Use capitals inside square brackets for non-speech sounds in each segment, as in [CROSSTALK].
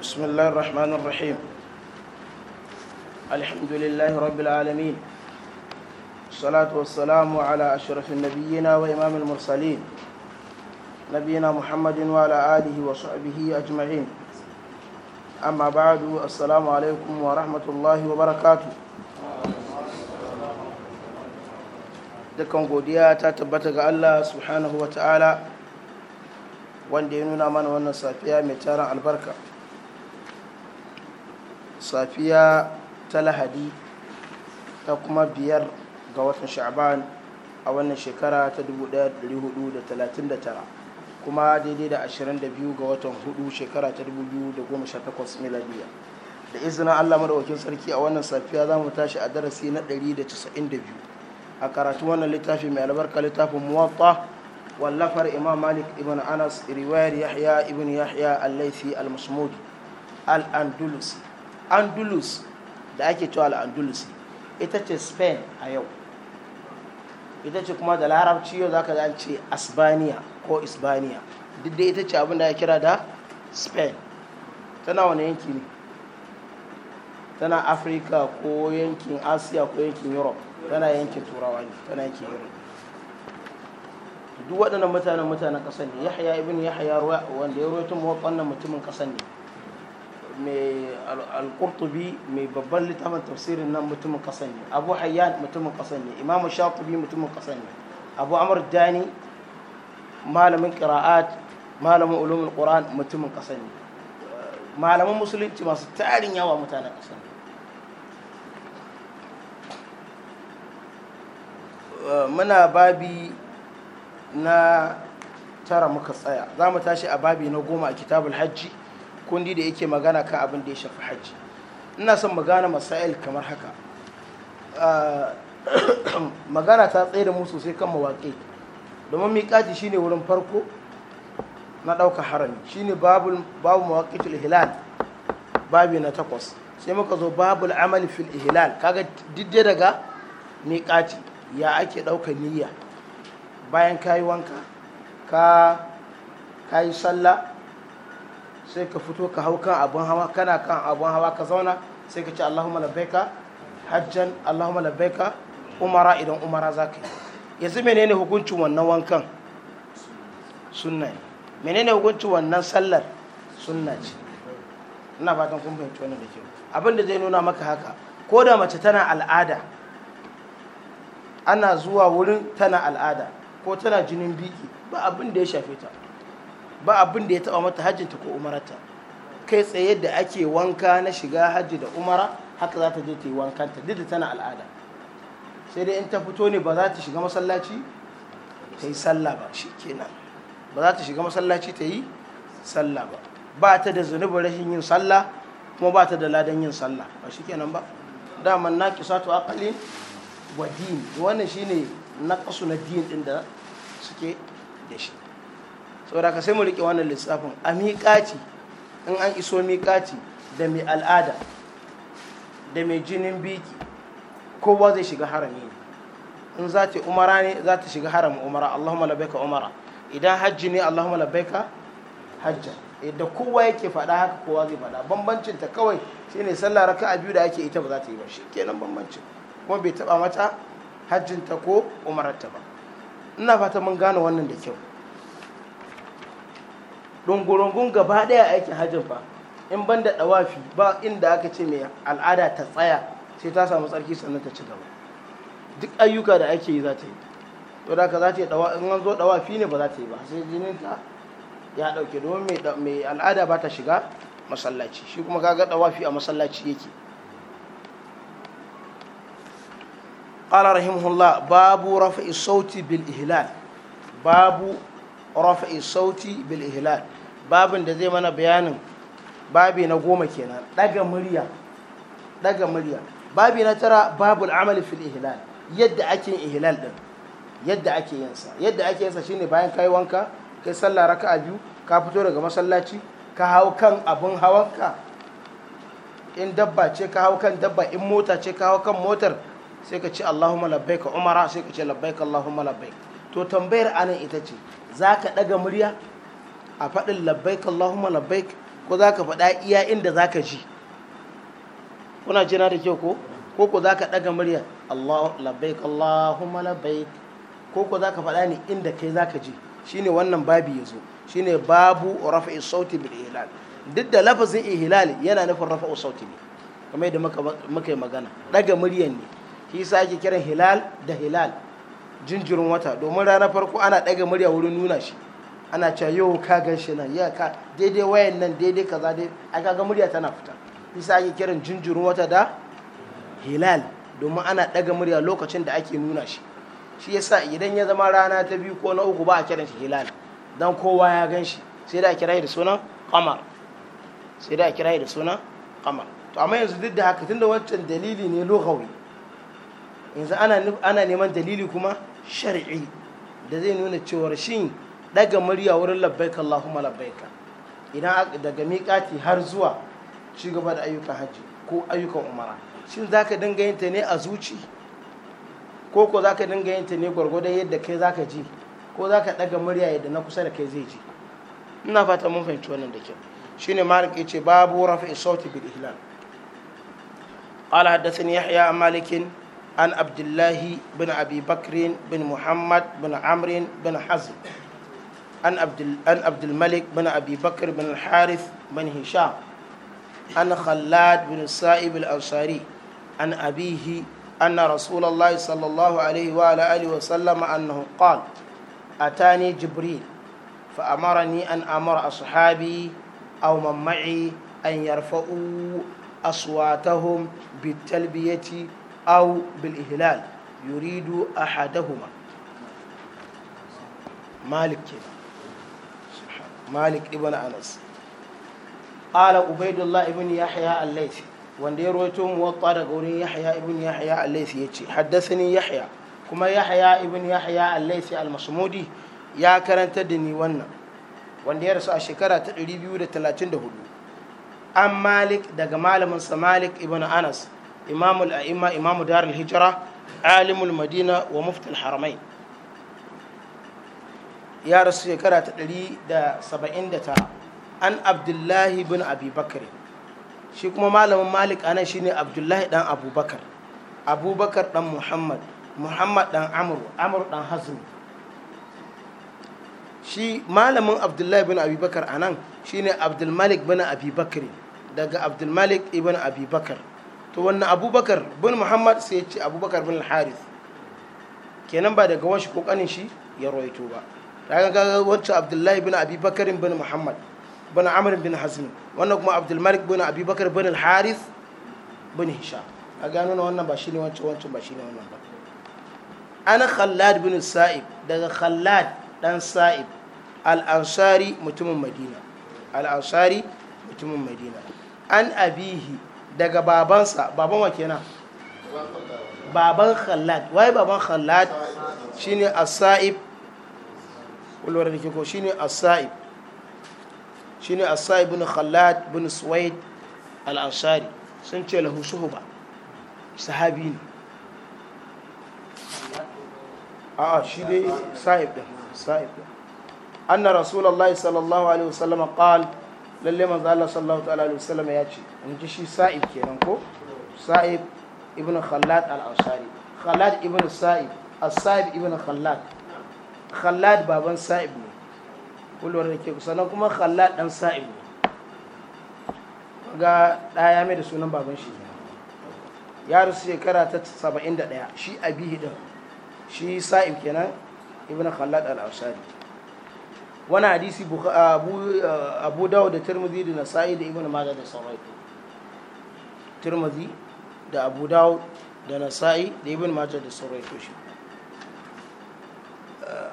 بسم الله الرحمن الرحيم الحمد لله رب العالمين الصلاة والسلام على أشرف النبيين وإمام المرسلين نبينا محمد وعلى آله وصحبه أجمعين أما بعد السلام عليكم ورحمة الله وبركاته dukkan godiya ta tabbata ga Allah subhanahu wa ta'ala wanda ya nuna mana wannan safiya mai taron albarka safiya ta lahadi ta kuma biyar ga watan sha'ban a wannan shekara ta 1439 kuma daidai da 22 ga watan hudu shekara ta 2018 miladiya da izinin allah madawakin sarki a wannan safiya za mu tashi a darasi na 192 a karatu wannan littafi mai albarka littafin muwatta wallafar imam malik ibn anas riwayar yahya ibn yahya al-laifi al musmud al-andalusi andalus da ake cewa al'andalus ita ce spain a yau ita ce kuma da larabci yau zaka an ce asbaniya ko isbaniya duk da ita ce abin da ya kira da spain tana wani yanki ne tana afirka ko yankin asiya ko yankin europe tana yankin turawa ne tana yankin europe duk waɗannan mutanen mutanen ƙasar ne yahya ibn yahya wanda ya rawaito mu wannan mutumin ƙasar ne mai al-qurtubi mai babban littafin tafsirin nan mutumin kasan ne abu hayyan mutumin kasan ne imamu shatubi mutumin kasan ne abu amr dani malamin qira'at malamin ulumul qur'an mutumin kasan ne malaman musulunci masu tarin yawa mutanen kasan ne muna babi na tara muka tsaya za mu tashi a babi na goma a kitabul hajji kundi da yake magana kan abin da ya shafi hajji ina son magana masail kamar haka ah, [CLEARS THROAT] magana ta tsaye da mu sosai kan mawaƙi domin miƙaji shine wurin farko na ɗauka harami shine babu mawaƙi fil hilal babi na takwas sai muka zo babul amali fil ihlal kaga didde daga miƙaji ya ake ɗaukar niyya bayan kayi wanka ka kayi sallah sai ka fito ka hau kan abun hawa kana kan abun hawa ka zauna sai ka Allahu Allahumma labbaika hajjan Allahumma labbaika umara idan umara ka yi yanzu menene hukuncin wannan wankan sunna ne menene hukuncin wannan sallar sunna ce ina fatan kun fahimci wannan da ke abin da zai nuna maka haka ko da mace tana al'ada ana zuwa wurin tana al'ada ko tana jinin biki ba abin da ya shafe ta ba abin da ya taba mata hajjinta ko umarata kai tsaye da ake wanka na shiga hajji da umara haka za ta je ta yi wankanta duk da tana al'ada sai dai in ta fito ne ba za ta shiga masallaci ta yi sallah ba shi kenan ba za ta shiga masallaci ta yi sallah ba ba ta da zunubin rashin yin salla kuma ba ta da ladan yin sallah ba shi kenan ba daman na kisatu akali wa din wannan shine na kasu na din din da suke da shi saboda ka sai mu rike wannan lissafin a miƙaci in an iso miƙaci da mai al'ada da mai jinin biki kowa zai shiga harami ne in za ta umara ne za ta shiga harami umara allahumma ka umara idan hajji ne allahumma ka hajja da kowa yake faɗa haka kowa zai faɗa bambancin ta kawai shine sallah a biyu da ake ita ba za ta yi ba shi kenan bambancin kuma bai taba mata hajjinta ko umararta ba ina fata mun gane wannan da kyau rungurungun gaba ɗaya aikin hajjin fa in ban da ɗawafi ba inda aka ce mai al'ada ta tsaya sai ta samu tsarki sannan ta ci gaba duk ayyuka da ake yi za ta yi to da ka za ta yi in an zo ɗawafi ne ba za ta yi ba sai jinin ta ya ɗauke domin mai al'ada ba ta shiga masallaci shi kuma kaga ɗawafi a masallaci yake قال رحمه الله باب رفع الصوت بالإهلال باب sauti bil بالإهلال babin da zai mana bayanin babi na goma kenan daga murya daga murya babi na tara babul amali fil ihlal yadda ake ihlal din yadda ake yin sa yadda ake yin sa shine bayan kai wanka kai sallah raka'a biyu ka fito daga masallaci ka hau kan abun hawanka in dabba ce ka hau kan dabba in mota ce ka hau kan motar sai ka ce Allahumma labbaika umara sai ka ce labbaika Allahumma labbaik to tambayar anan ita ce zaka daga murya a faɗin labbaik Allahumma labbaik ko za ka faɗa iya inda za ka ji kuna jina da kyau ko ko ko za ka ɗaga murya Allah labbaik Allahumma labbaik ko ko za ka faɗa ni inda kai za ka ji shine wannan babi ya zo shine babu rafa'i sauti bil ihlal duk da lafazin ihlal yana nufin rafa'u sauti ne kamar yadda muka yi magana ɗaga muryan ne shi sa ake kiran hilal da hilal jinjirin wata domin ranar farko ana ɗaga murya wurin nuna shi ana cewa yau ka gan shi nan ya ka daidai wayan nan daidai kaza dai ai kaga murya tana fita isa ake kiran jinjirin wata da hilal domin ana daga murya lokacin da ake nuna shi shi yasa idan ya zama rana ta biyu ko na uku ba a kiran shi hilal dan kowa ya gan shi sai da a kira da sunan kamar sai da a kira da sunan kamar to amma yanzu duk da haka tunda wancan dalili ne lughawi yanzu ana neman dalili kuma shari'i da zai nuna cewar shin daga murya wurin labbaikan Allahumma labbaika idan daga miƙati har zuwa ci gaba da ayyukan hajji ko ayyukan umara shin ka dinga yin ne a zuci ko ko za ka dinga yin ne gwargwadon yadda kai za ka ji ko za ka daga murya yadda na kusa da kai zai ji ina fata mun fahimci wannan da kyau shine malik yace babu rafa sauti bil ihlal قال حدثني يحيى عن مالك عن عبد الله بن ابي بكر بن محمد بن عمرو عن عبد عن عبد الملك بن ابي بكر بن الحارث بن هشام عن خلاد بن السائب الانصاري عن ابيه ان رسول الله صلى الله عليه وعلى اله وسلم انه قال اتاني جبريل فامرني ان امر اصحابي او من معي ان يرفعوا اصواتهم بالتلبيه او بالاهلال يريد احدهما مالك كده malik ibn anas ala ubaidullah ibn yahya al-laythi wanda ya rawaito muwatta daga wurin yahya ibn yahya al-laythi yace haddathani yahya kuma yahya ibn yahya al-laythi al-masmudi ya karanta da ni wannan wanda ya rasu a shekara ta 234 an malik daga malamin sa malik ibn anas imamul a'imma imamu darul hijra alimul madina wa muftul haramain ya rasu shekara ta 179 an abdullahi bin abubakar shi kuma malamin malik anan shi ne abdullahi dan abubakar abubakar dan muhammad muhammad dan amur amur dan hazm shi malamin abdullahi bin abubakar anan shi ne abdulmalik bin abubakar daga abdulmalik ibn abubakar to wannan abubakar bin muhammad sai ya ce abubakar bin harith kenan ba daga washi kokanin shi ya roito ba kaga kaga wancan abdullahi bin abi bin muhammad bin amr bin hazm wannan kuma abdulmalik bin abi bin al-harith bin hisham a gano na wannan ba shi ne wancan ba shi ne wannan ba ana khallad bin sa'ib daga khallad dan sa'ib al-ansari mutumin madina al-ansari mutumin madina an abihi daga babansa baban wa kenan baban khallad wai baban khallad shine as-sa'ib kullum da ke ko ne as-sa'ib shine as-sa'ib bin khallad bin suwaid al-ansari sun ce lahu suhuba sahabi ne a'a shi dai sa'ib din sa'ib din na rasulallah sallallahu alaihi wasallam qala lalle manzo Allah sallallahu ta'ala alaihi wasallam ya ce in ji shi sa'ib kenan ko sa'ib ibn khallad al-ansari khallad ibn sa'ib as-sa'ib ibn khallad khallad baban sa'ib ne kullum da ke sannan kuma khallad dan sa'ib ne ga ɗaya mai da sunan baban shi ne ya su shekara ta 71 shi abihi din shi sa'ib kenan ibn khallad al-ausari wani hadisi abu dawo da turmuzi da nasa'i da ibn maza da sauran turmuzi da abu dawo da nasa'i da ibn maza da sauran shi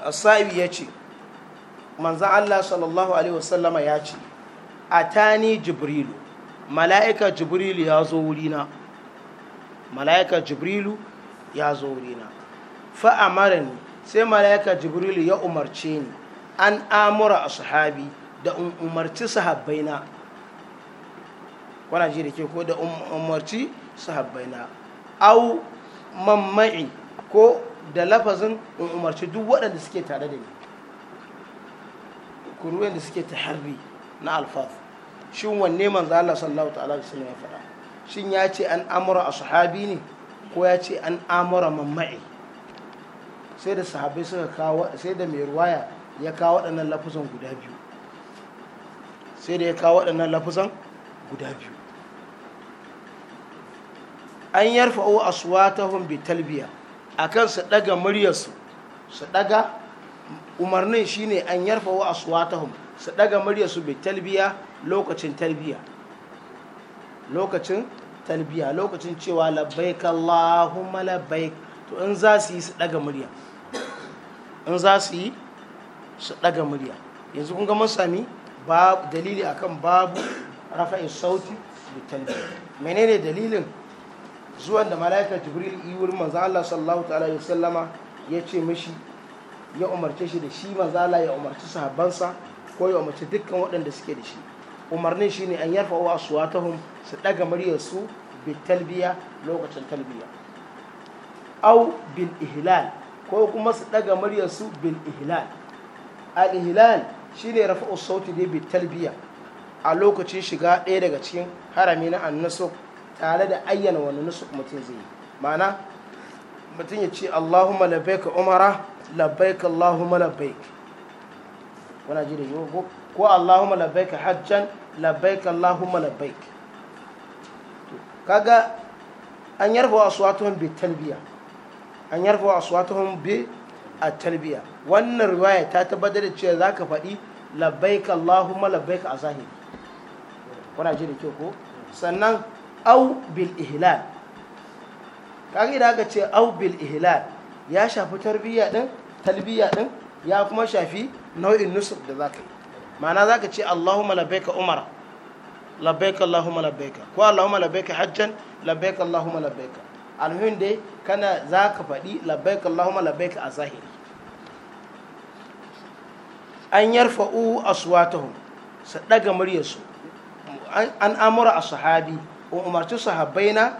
Asabi ya ce manzan Allah sallallahu alaihi wasallama ya ce a tani jibrilu mala'ika jibrilu ya zo wurina mala'ika jibrilu ya zo wurina fa'amarin sai mala'ika jibrilu ya umarce ni an amura a sahabi da umarci sahabbaina wana ji da ke ko da umarci sahabbaina au mamma'i ko da lafazin in umarci duk waɗanda suke tare da ni kuruwan da suke ta harbi na alfaf shin wanne manzo Allah sallallahu ta'ala alaihi wasallam ya faɗa shin ya ce an amara ashabi ne ko ya ce an amura mamma'i sai da sahabbai suka kawo sai da mai ruwaya ya kawo waɗannan lafazan guda biyu sai da ya kawo waɗannan lafazan guda biyu an yarfa'u aswatahum bi talbiya akan su daga muryarsu su daga umarnin shine an yarfa wa aswatahum su daga muryarsu bi talbiya lokacin talbiya lokacin talbiya lokacin cewa labbaik allahumma labbaik to in za su yi su daga murya in za su yi su daga murya yanzu kun ga mun sami dalili akan babu rafa'in sauti bi talbiya menene dalilin zuwan da mala'ika jibril yi wurin manzo Allah sallallahu ta'ala ya sallama ya ce mashi ya umarce shi da shi manzo Allah ya umarci sahabbansa ko ya umarci dukkan waɗanda suke da shi umarnin shi ne an yarfa wa aswatahum su ɗaga muryar su bi talbiya lokacin talbiya au bin ihlal ko kuma su ɗaga muryarsu su bil ihlal al ihlal shine rafa'u sauti ne bi talbiya a lokacin shiga ɗaya daga cikin harami na annasuk tare da ayyana wani nusuk mutum zai yi ma'ana mutum ya ce allahumma labbaik umara labbaik allahumma labbaik wana ji da yogo ko allahumma labbaik hajjan labbaik allahumma labbaik kaga an yarfa aswatuhum bi talbiya an yarfa aswatuhum bi at-talbiya wannan riwaya ta tabbatar da cewa zaka faɗi labbaik allahumma labbaik a zahiri wana ji da kyau ko sannan au bil ihlal kaga idan aka ce au bil ihlal ya shafi tarbiyya din talbiya din ya kuma shafi nau'in nusuf da zaka yi ma'ana zaka ce Allahumma labbaika umara labbaika Allahumma labbaika ko Allahumma labbaika hajjan labbaika Allahumma labbaika alhuin dai kana zaka faɗi labbaika Allahumma labbaika a zahiri an yarfa'u aswatahum su daga muryarsu an amura ashabi in umarci su na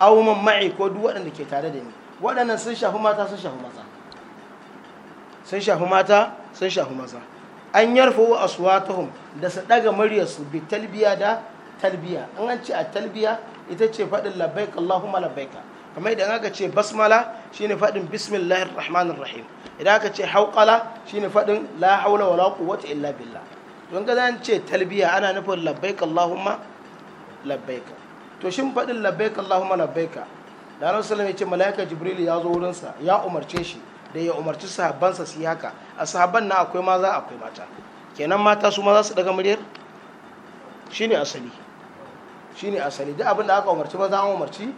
auman ma'i ko duk waɗanda ke tare da ni waɗannan sun shafi mata sun shafi maza sun shafi mata sun shafi maza an yarfo wa aswatuhum da su daga su bi talbiya da talbiya an an ce a talbiya ita ce faɗin labbaik Allahumma labbaika kamar idan aka ce basmala shine faɗin bismillahir rahmanir rahim idan aka ce hauqala shine faɗin la haula wala quwwata illa billah don ga an ce talbiya ana nufin labbaik Allahumma labbaika to shin faɗin labbaika Allahumma labbaika da Annabi sallallahu ya ce malaika Jibril ya zo wurinsa ya umarce shi da ya umarci sahabbansa su yi haka a sahabban na akwai maza akwai mata kenan mata su ma za su daga muryar shine asali shine asali duk abin da aka umarci maza an umarci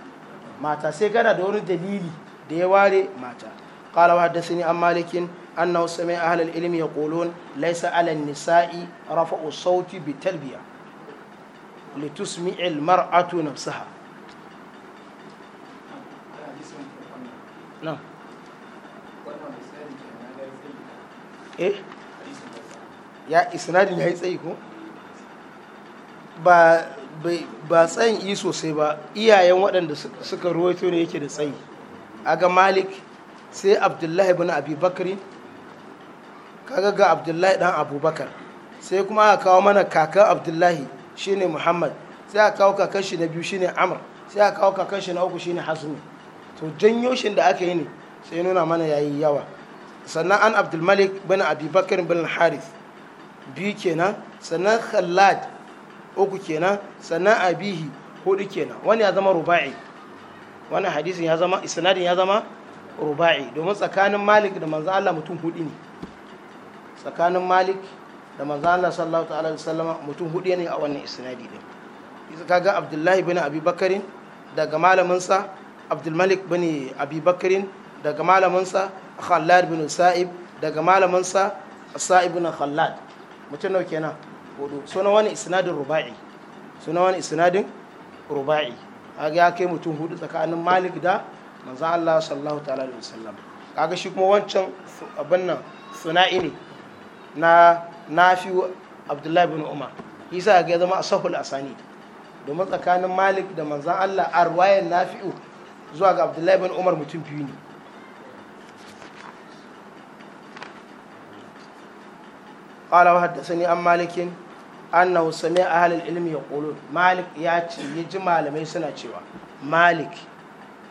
mata sai kana da wani dalili da ya ware mata قال وحدثني عن مالك أنه سمع أهل العلم يقولون ليس على النساء رفع الصوت بالتلبية litusmi'il mar'atu nafsaha nan eh ya isnadin ya yi tsayi ko ba tsayin yi sosai ba iyayen waɗanda suka ruwaito ne yake da tsayi aga malik sai abdullahi bin abubakar kaga ga abdullahi dan abubakar sai kuma aka kawo mana kakan abdullahi shine muhammad sai a kawo kakashi na biyu shine amr sai a kawo kakashi na uku shine hasmi to janyo shin da aka yi ne sai nuna mana yayi yawa sannan an abdulmalik bin abubakar bin harith biyu kenan sannan khallad uku kenan sannan abihi hudu kenan wani ya zama ruba'i wani hadisin ya zama isnadin ya zama ruba'i domin tsakanin malik da manzo Allah mutum hudu ne tsakanin malik da manzo Allah sallallahu ta'ala alaihi wasallam mutum hudu ne a wannan isnadi din kaga Abdullahi bin Abi Bakarin daga malamin sa Malik bin Abi Bakarin daga malamin sa Khallad bin Sa'ib daga malamin sa Sa'ib bin Khallad mutum nawa kenan hudu sunan wani isnadin ruba'i sunan wani isnadin ruba'i kaga ya kai mutum hudu tsakanin Malik da manzo Allah sallallahu ta'ala alaihi wasallam kaga shi kuma wancan abin nan suna'i ne na nafi abdullahi bin umar sa ga ya zama asahul asani domin tsakanin malik da manzan allah a ruwayar fi zuwa ga abdullahi bin umar mutum biyu ne قال وحدثني a halin ilimin ya أهل malik ya ce ya ji malamai suna cewa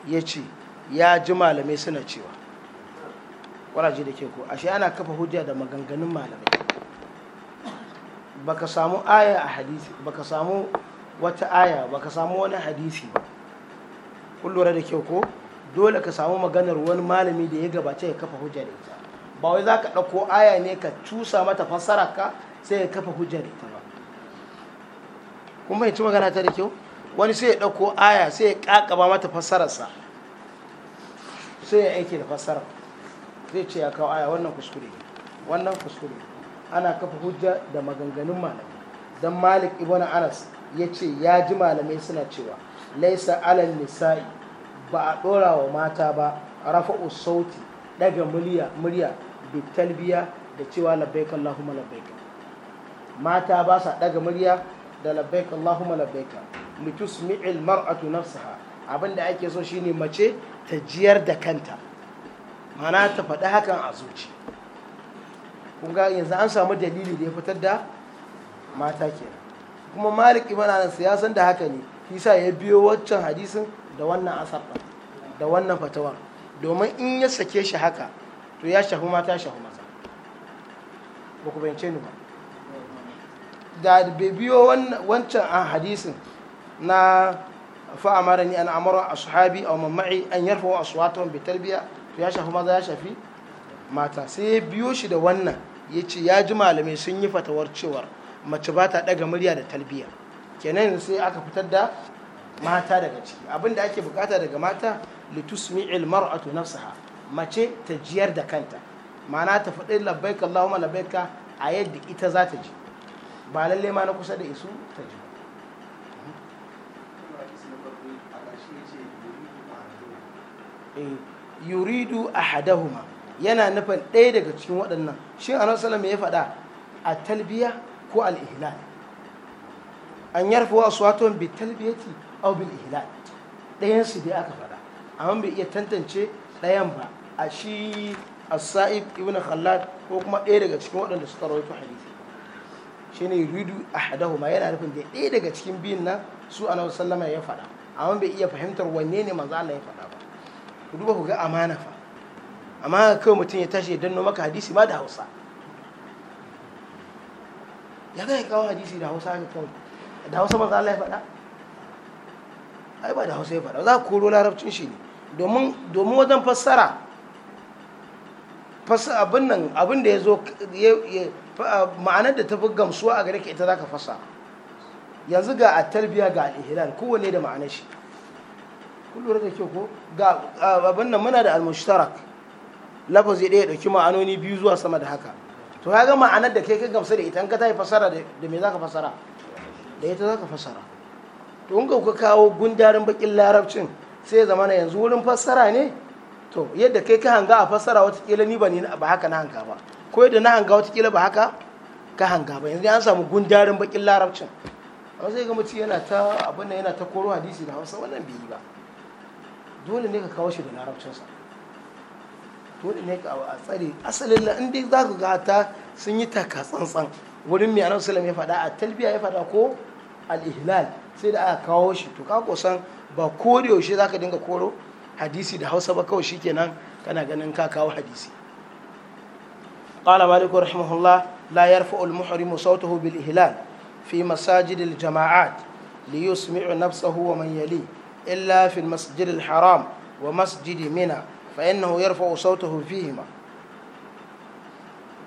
ya ce ya ji malamai suna cewa ƙwaraje da ke ko ashe ana kafa hujja da maganganun malamai baka samu aya a hadisi baka samu wata aya baka samu wani hadisi ba kun lura da kyau ko dole ka samu maganar wani malami da ya gabace ya kafa hujja da ita ba wai za ka ɗauko aya ne ka cusa mata fassara ka sai ya kafa hujja da ita ba kun bai magana ta da kyau wani sai ya ɗauko aya sai ya kakaba mata sa sai ya aiki da fassara zai ce ya kawo aya wannan kuskure wannan kuskure ana kafa hujja da maganganun malami dan malik ibn anas ya ce ya ji malamai suna cewa laisa alal nisa'i ba a ɗora wa mata ba a rafa'u sauti daga murya murya talbiya da cewa labbaik allahumma labbaik mata ba sa daga murya da labbaik allahumma labbaik litusmi'il mar'atu nafsaha abinda ake so shine mace ta jiyar da kanta mana ta faɗi hakan a zuci kun ga yanzu an samu dalili da ya fitar da mata ke kuma malik ibn anas ya san da haka ne yasa ya biyo waccan hadisin da wannan asar da wannan fatawar domin in ya sake shi haka to ya shafi mata ya shafi maza ba ku bayance ni ba da bai biyo wancan a hadisin na fa'amara ni an amara ashabi aw mamma'i an yarfa aswatuhum bi talbiya to ya shafi maza ya shafi mata sai ya biyo shi da wannan ya ce ya ji malamai sun yi fatawar cewar mace ba ta ɗaga murya da talbiya kenan sai aka fitar da mata daga ciki abin ake bukata daga mata ilmar mar'atu nafsaha mace ta jiyar da kanta mana ta faɗi labbaik Allahumma labbaika a yadda ita za ta ji ba lalle ma na kusa da isu ta ji eh, yuridu ahadahuma yana nufin ɗaya daga cikin waɗannan shi nan salama ya faɗa a talbiya ko al an yarfi wa aswatun bi talbiyati au bil ihlal ɗayan su dai aka faɗa amma bai iya tantance ɗayan ba a shi a saib ibn khallad ko kuma ɗaya daga cikin waɗanda suka rawaito hadisi shine yuridu ahadahuma yana nufin da ɗaya daga cikin biyun nan su nan salama ya faɗa amma bai iya fahimtar wanne ne manzo Allah ya faɗa ba ku duba ku ga amana fa amma haka kawai mutum ya tashi ya danno maka hadisi ma da hausa ya zai kawo hadisi da hausa haka kawai da hausa manzo Allah ya faɗa ai ba da hausa ya faɗa za ku koro larabcin shi ne domin wajen fassara fasa abin nan abin da ya zo ma'anar da ta fi gamsuwa a gare ka ita za ka fasa yanzu ga a talbiya ga al'ihlal kowane da ma'anar shi kun da kyau ko ga abin nan muna da al-mushtarak lafazi ɗaya ɗauki ma'anoni biyu zuwa sama da haka to kaga ma'anar da kai ka gamsa da ita in ka yi fasara da me ka fasara da ita za ka fasara to in ka kawo gundarin bakin larabcin sai zama na yanzu wurin fasara ne to yadda kai ka hanga a fasara watakila ni ba ni ba haka na hanga ba ko yadda na hanga watakila ba haka ka hanga ba yanzu an samu gundarin bakin larabcin amma sai ga mutum yana ta abin yana ta koro hadisi da hausa wannan bai yi ba dole ne ka kawo shi da larabcinsa dole ne ka a tsare asalin la in dai za ku ga ta sun yi taka tsantsan wurin mai annabi sallam ya faɗa a talbiya ya faɗa ko al-ihlal sai da aka kawo shi to ka kusan ba ko da yaushe za ka dinga koro hadisi da hausa ba kawai shi kenan kana ganin ka kawo hadisi قال مالك رحمه الله لا يرفع المحرم صوته بالإهلال في مساجد الجماعات ليسمع نفسه ومن يليه إلا في المسجد الحرام ومسجد منى فإنه يرفع صوته فيهما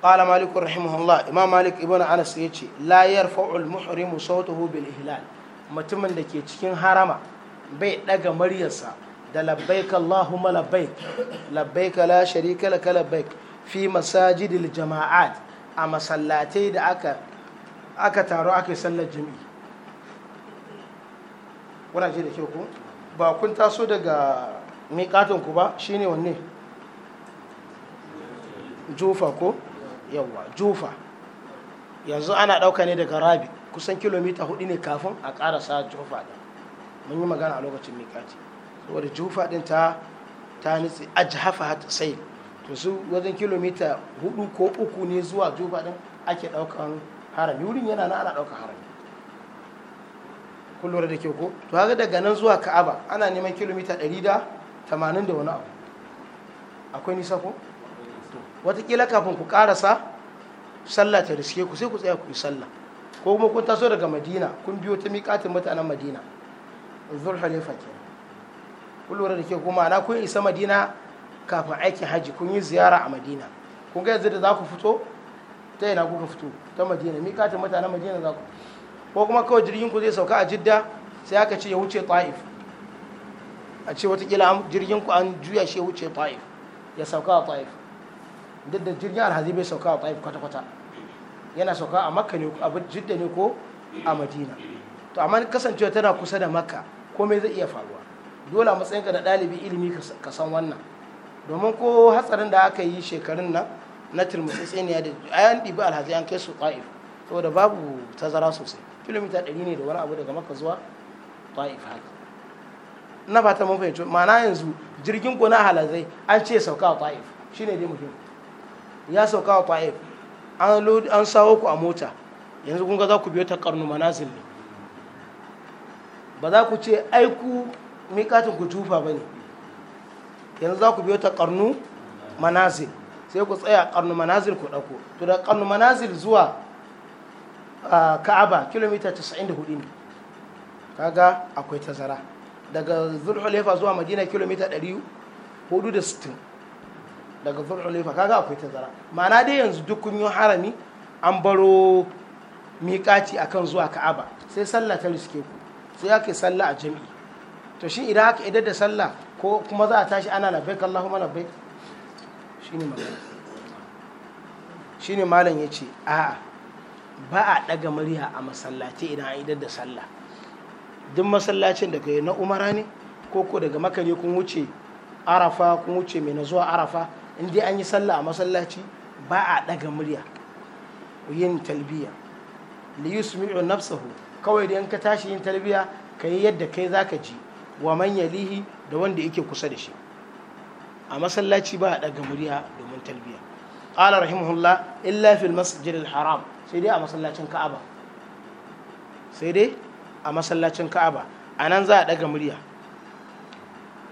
قال مالك رحمه الله إمام مالك ابن أنس يتي لا يرفع المحرم صوته بالإهلال mutumin da ke cikin harama bai daga da labbaik Allahumma labbaik labbaik la sharika laka labbaik masajidil jama'at a masallatai da aka aka taro aka yi sallar jami'i kuna ji da ku ba kun taso daga miƙatin ku ba shine wanne jufa ko yawa jufa yanzu ana ɗauka ne daga rabi kusan kilomita hudu ne kafin a ƙarasa jufa ɗin mun yi magana a lokacin miƙati saboda jufa ɗin ta ta nitsi ajhafa hata sai to su wajen kilomita hudu ko uku ne zuwa jufa ɗin ake ɗaukan harami wurin yana na ana ɗaukan harami Kullum da ke ko to haka daga nan zuwa ka'aba ana neman kilomita ɗari da tamanin da wani abu akwai nisa ko watakila kafin ku karasa sallah ta riske ku sai ku tsaya ku yi sallah ko kuma kun taso daga madina kun biyo ta miƙatin mutanen madina zuwa halifa ke kun lura da ke kuma ana kun isa madina kafin aikin hajji kun yi ziyara a madina kun ga yanzu da za ku fito ta yana kuka fito ta madina miƙatin mutanen madina za ku ko kuma kawai jirgin ku zai sauka a jidda sai aka ce ya wuce ta'if a ce watakila jirgin ku an juya shi wuce ta'if ya sauka a ta'if duk da jirgin alhazi bai sauka a ta'if kwata-kwata yana sauka a makka ne a jidda ne ko a madina to amma kasancewa tana kusa da makka komai zai iya faruwa dole a matsayinka da ɗalibi ilimi ka san wannan domin ko hatsarin da aka yi shekarun nan na tsaniya da ayan ɗibi alhazi an kai su ta'if saboda babu tazara sosai kilomita ɗari ne da wani abu daga makka zuwa ta'if haka na fata mun fahimci ma'ana yanzu jirgin ku na halazai an ce sauka wa ta'if shine dai mutum ya sauka wa ta'if an an sawo ku a mota yanzu kun ga za ku biyo ta karnu manazil ne ba za ku ce ai ku miƙatin ku tufa ba ne yanzu za ku biyo ta karnu manazil sai ku tsaya karnu manazil ku ɗauko to da karnu manazil zuwa ah, ka'aba kilomita 94 ne kaga akwai tazara daga zulhulefa zuwa madina kilomita 460 daga zulhulefa kaga akwai tazara ma'ana dai yanzu duk kun yi harami an baro miƙaci akan zuwa ka'aba sai sallah ta riske ku sai yi sallah a jami'i to shi idan aka idar da sallah ko kuma za a tashi ana labbaik Allahumma labbaik shine shi shine malam ya ce a'a ba a ɗaga murya a masallaci idan an idar da sallah duk masallacin daga na umara ne ko ko daga makare kun wuce arafa kun wuce mai na zuwa arafa in dai an yi sallah a masallaci ba a ɗaga murya yin talbiya li yusmi'u nafsahu kawai da in ka tashi yin talbiya ka yi yadda kai zaka ji wa man yalihi da wanda yake kusa da shi a masallaci ba a ɗaga murya domin talbiya qala rahimahullah illa fil masjidil haram sai dai a masallacin ka'aba sai dai a masallacin ka'aba a nan za a ɗaga murya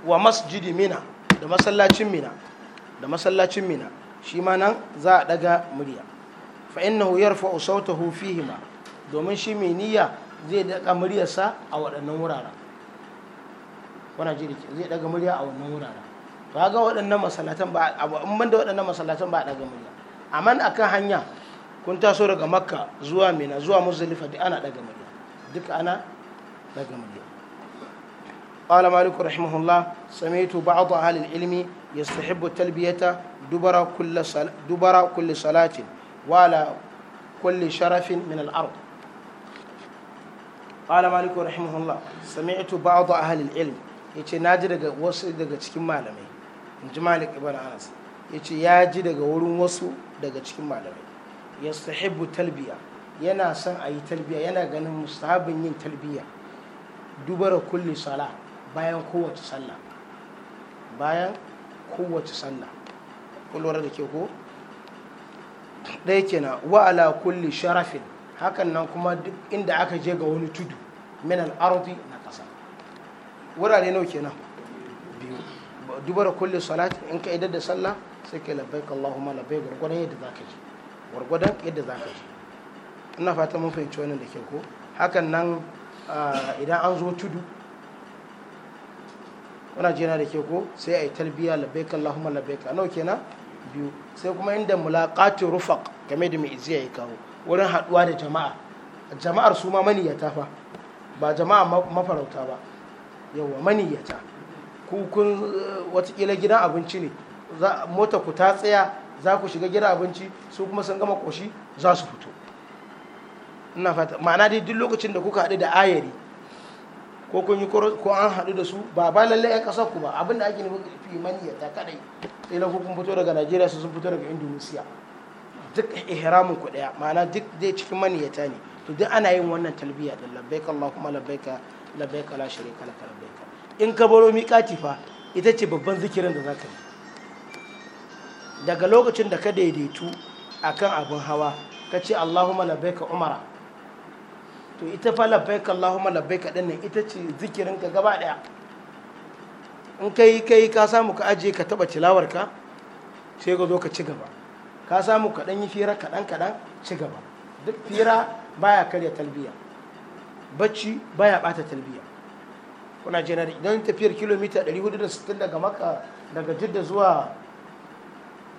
wa masjidi mina da masallacin mina da masallacin mina shi ma nan za a ɗaga murya fa innahu yarfa'u sautahu fihima domin shi mai niyya zai daga muryarsa a waɗannan wurare wana jiri zai daga murya a wannan wurare ba ga waɗannan masallatan ba a ban da waɗannan masallatan ba a daga murya amma akan hanya kun taso daga makka zuwa mina zuwa muzdalifa duk ana daga murya duk ana daga murya قال مالك رحمه الله سمعت بعض أهل العلم يستحب التلبية دبر كل صلاة دبر كل صلاة وعلى كل شرف من الأرض قال مالك رحمه الله سمعت بعض أهل العلم yace na ji daga wasu daga cikin malamai in malik ibn anas yace ya daga wurin wasu daga cikin malamai talbiya yana son a yi talbiya yana ganin mustahabin yin talbiya dubara kulli sala bayan kowace sallah bayan kowace sallah kullura da ke ko ɗaya kenan wa ala kulli sharafin hakan nan kuma duk inda aka je ga wani tudu min al na ƙasa wurare nawa kenan biyu dubara kulli salat in ka idar da sallah sai ka labbaik Allahumma labbaik gurgurdan yadda zaka ji gurgurdan yadda zaka ji ina fata mun fahimci wannan da ke ko hakan nan idan an zo tudu wana jina da ke ko sai a yi talbiya labaikan allahumma labbaika nau kenan biyu sai kuma inda mulaƙatun rufaq game da mai iziya ya kawo wurin haduwa da jama'a jama'ar su ma maniyata fa ba jama'a mafarauta ba yawa maniyata kukun watakila gidan abinci ne mota ku ta tsaya za ku shiga gidan abinci su kuma sun gama ƙoshi za su fito ina fata ma'ana dai duk lokacin da kuka haɗu da ayari ko kun yi ko an haɗu da su ba ba lalle ƴan ƙasar ku ba abinda ake nufi fimaniya ta kadai sai na kun fito daga najeriya su sun fito daga indonesia duk ihramin ku ɗaya ma'ana duk dai cikin maniyata ne to duk ana yin wannan talbiya da labbaika allahumma labbaika labbaika la sharika laka labbaika in ka baro miƙati fa ita ce babban zikirin da zaka yi daga lokacin da ka daidaitu akan abin hawa ka ce allahumma labbaika umara to ita fa labbaika Allahumma labbaika din nan ita ce zikirin ka gaba daya in kai kai ka samu ka aje ka taba tilawar ka sai ka zo ka ci gaba ka samu ka dan yi fira kadan kadan ci gaba duk fira baya karya talbiya bacci baya bata talbiya kuna jina da idan tafiyar kilomita 460 daga maka daga jidda zuwa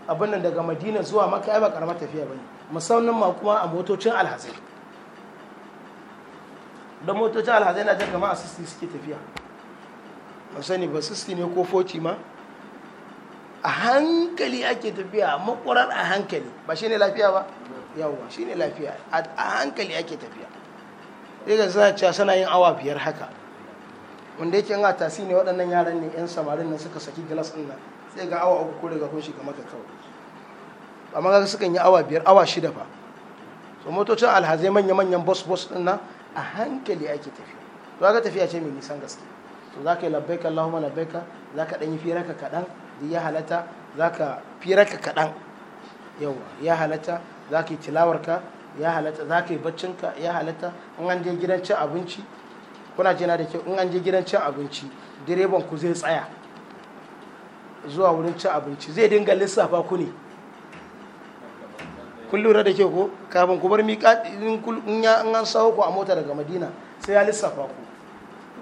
abin daga madina zuwa maka ai ba karamar tafiya bane musamman ma kuma a motocin alhazai don motocin alhazai na jan ma a 60 suke tafiya ba sani ba 60 ne ko 40 ma a hankali ake tafiya makwarar a hankali ba shi ne lafiya ba yawwa shi ne lafiya a hankali ake tafiya za suna cewa suna yin awa biyar haka wanda yake a tasi ne waɗannan yaran ne 'yan samarin nan suka saki gilas ɗin nan sai ga awa uku ko daga kun shiga maka kawai amma ga sukan yi awa biyar awa shida fa so motocin alhazai manya-manyan bus bus ɗin nan a hankali ake tafiya to aka tafiya ce mai nisan gaske to za ka yi labbaika Allahumma labbaika za ka ɗan yi firarka kaɗan duk ya halatta za ka firarka kaɗan yawa ya halatta za ka yi tilawarka ya halatta za ka yi baccinka ya halatta in an je gidan cin abinci kuna jina da kyau in an je gidan cin abinci direban ku zai tsaya zuwa wurin cin abinci zai dinga lissafa ku ne kun lura da ke ko kafin ku bar miƙa in an sawo ku a mota daga madina sai ya lissafa ku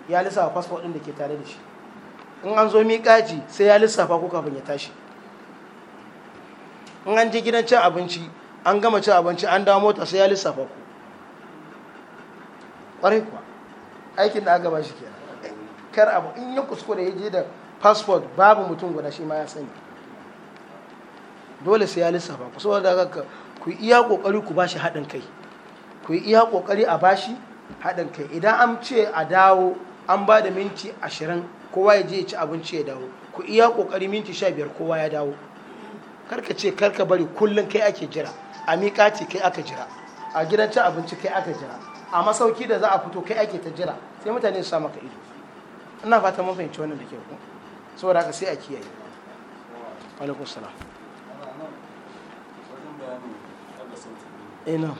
ya lissafa fasfo ɗin da ke tare da shi in an zo miƙaci sai ya lissafa ku kafin ya tashi in an je gidan cin abinci an gama cin abinci an dawo mota sai ya lissafa ku ƙwarai kuwa aikin da aka ba shi ke kar abu in ya kuskure ya je da fasfot babu mutum guda shi ma ya sani dole sai ya lissafa ku saboda ga. ku iya kokari ku bashi haɗin kai ku iya kokari a bashi haɗin kai idan an ce a dawo an ba da minti ashirin kowa ya je ci abinci ya dawo ku iya kokari minti sha biyar kowa ya dawo karka ce karka bari kullum kai ake jira a miƙaci kai aka jira a gidan cin abinci kai aka jira a masauki da za a fito kai ake ta jira sai mutane su sa maka ido ina fata mun fahimci wannan da ke ku saboda haka sai a kiyaye alaikum salam ina eh,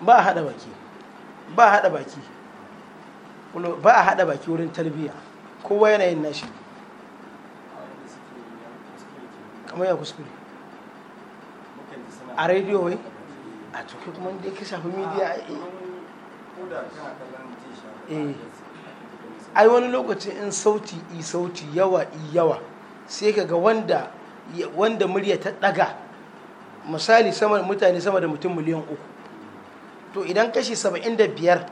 ba a haɗa baki ba a haɗa baki ba a haɗa baki wurin tarbiyya kowa yanayin nashi kamar ya kuskure a rediyo wai a tuki kuma da ya shafi midiya a yi eh. eh. ai wani lokaci in sauti i sauti yawa i yawa sai ka ga wanda wanda murya ta daga misali sama mutane sama da mutum miliyan uku to idan kashi saba'in da biyar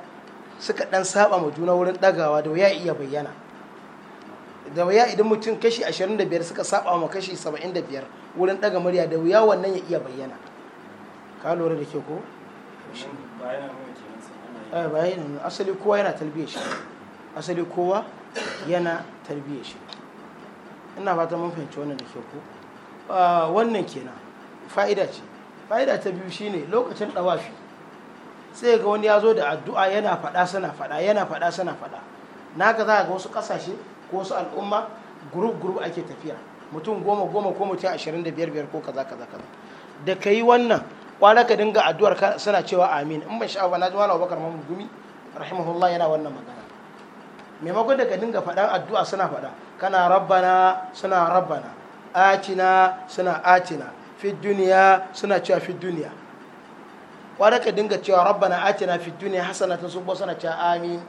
suka dan saba ma juna wurin dagawa da ya iya bayyana da wuya idan mutum kashi 25 suka saba ma kashi 75 wurin daga murya da wuya wannan ya iya bayyana ka lura da ke ko eh, bayan asali kowa yana talbiya shi asali kowa yana talbiya shi ina fata mun fahimci wannan da ke ko Ah, wannan kenan fa'ida ce fa'ida ta biyu shine lokacin ɗawafi sai ga wani ya zo da addu'a yana faɗa sana faɗa yana faɗa sana faɗa ka za ga wasu ƙasashe ko wasu al'umma gurup gurup ake tafiya mutum goma goma ko mutum ashirin da biyar biyar ko kaza kaza kaza da ka yi wannan kwana ka dinga addu'ar suna cewa amin in ban sha ba na ji wani abubakar Mamu gumi rahimahullah yana wannan magana maimakon da ka dinga faɗan addu'a suna faɗa kana rabbana suna rabbana atina suna atina fi duniya suna cewa fi duniya wadda ka dinga cewa rabbana atina fi duniya hasanatan su bo suna cewa amin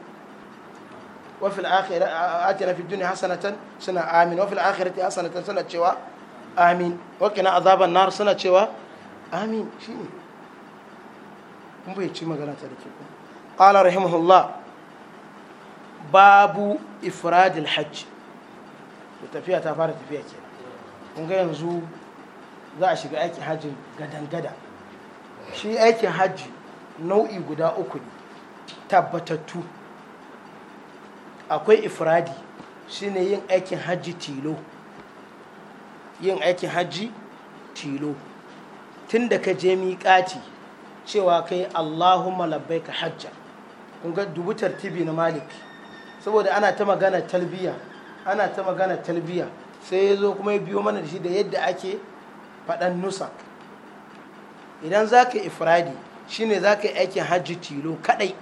wafi al'akhirati atina fi duniya hasanatan suna amin wa wafi al'akhirati hasanatan suna cewa amin wa wakina azaban nar suna cewa amin shi ne kun bai ci magana ta da ku ƙala rahimahullah babu ifradil hajji tafiya ta fara tafiya kenan kun yanzu za a shiga aikin hajji gadangada gada shi aikin hajji nau'i guda uku ne tabbatattu akwai ifradi shine yin aikin hajji tilo yin aikin hajji tilo tun da ka je miƙati cewa kai allahumma labbai ka hajja kunga dubutar dubu na malik saboda ana ta magana talbiya ana ta magana talbiya sai ya zo kuma ya biyo mana da shi da yadda ake faɗan nusak idan za ka ifradi ne za ka yi aikin hajji tilo kaɗai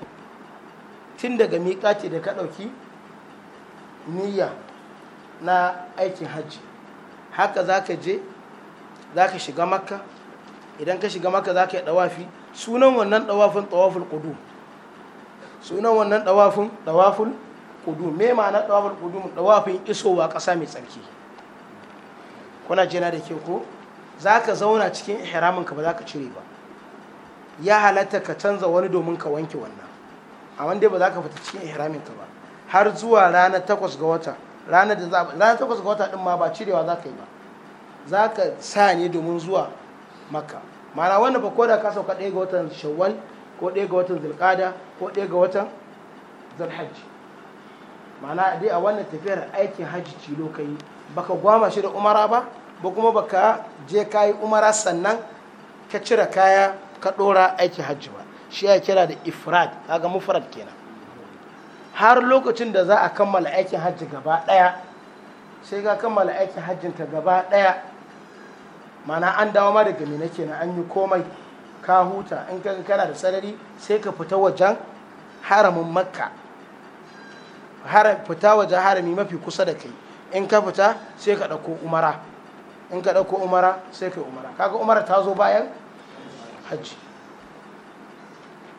tun daga miƙaci da ka ɗauki niyya na aikin hajji haka za ka je za ka shiga makka idan ka shiga makka za ka yi ɗawafi sunan wannan ɗawafin ɗawafin ƙudu sunan wannan ɗawafin ɗawafin ƙudu me ma'ana ɗawafin ƙudu ɗawafin isowa ƙasa mai tsarki kuna jina da ke ko za ka zauna cikin ihraminka ba za ka cire ba ya halatta ka canza wani domin ka wanke wannan a wanda ba za ka fita cikin ihraminka ba har zuwa ranar takwas ga wata ranar da za ranar takwas ga wata din ma ba cirewa za ka yi ba za ka sa ne domin zuwa makka Mana wannan ba ko da ka sauka ɗaya ga watan shawwal ko ɗaya ga watan zulqada ko ɗaya ga watan zulhajji Mana dai a wannan tafiyar aikin hajji cilo ka yi baka gwama shi da umara ba ba kuma baka je kayi umara sannan ka cire kaya ka ɗora aiki hajji ba shi ya kira da ifrad kaga mufrad kenan har lokacin da za a kammala aikin hajji gaba ɗaya sai ka kammala aikin ta gaba ɗaya mana an dawo ma daga mina kenan an yi komai ka huta in ka kana da sarari sai ka fita wajen haramin makka fita wajen harami mafi kusa da kai in ka fita sai ka ɗauko umara in ka ɗauko umara sai kai umara kaga umara ta zo bayan hajji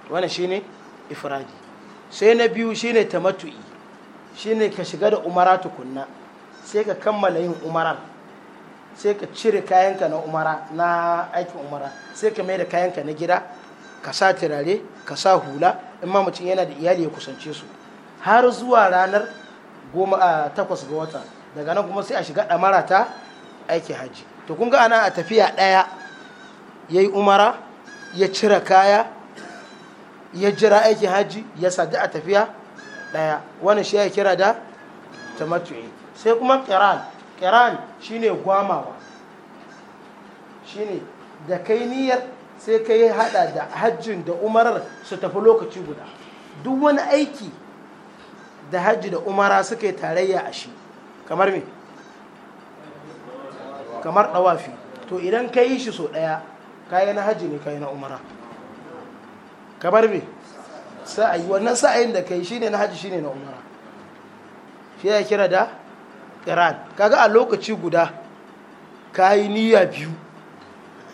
Wani shine ifradi sai na biyu shine tamattu'i shine ka shiga da umara tukunna sai ka kammala yin umarar sai ka cire kayanka na umara na aikin umara sai ka mai da kayanka na gida ka sa turare ka sa hula in ma yana da iyali ya kusance su har zuwa ranar goma ah, takwas ga wata daga nan kuma sai a shiga ɗamara ta aiki hajji to kun ga ana a tafiya ɗaya ya yi umara ya cire kaya ya jira aikin hajji ya sadu a tafiya ɗaya wani shi ya kira da tamattu'i sai kuma kiran kiran shine gwamawa shine da kai niyyar sai ka yi hada da hajjin da umarar su tafi lokaci guda duk wani aiki da hajji da umara suka yi tarayya a shi kamar me kamar dawafi to idan ka yi shi so daya kayi na haji ne kayi na umara kamar me sa'ayi wannan sa'ayin da ka yi shi ne na haji ne na umara shi ya kira da iran kaga a lokaci guda ka yi niyya biyu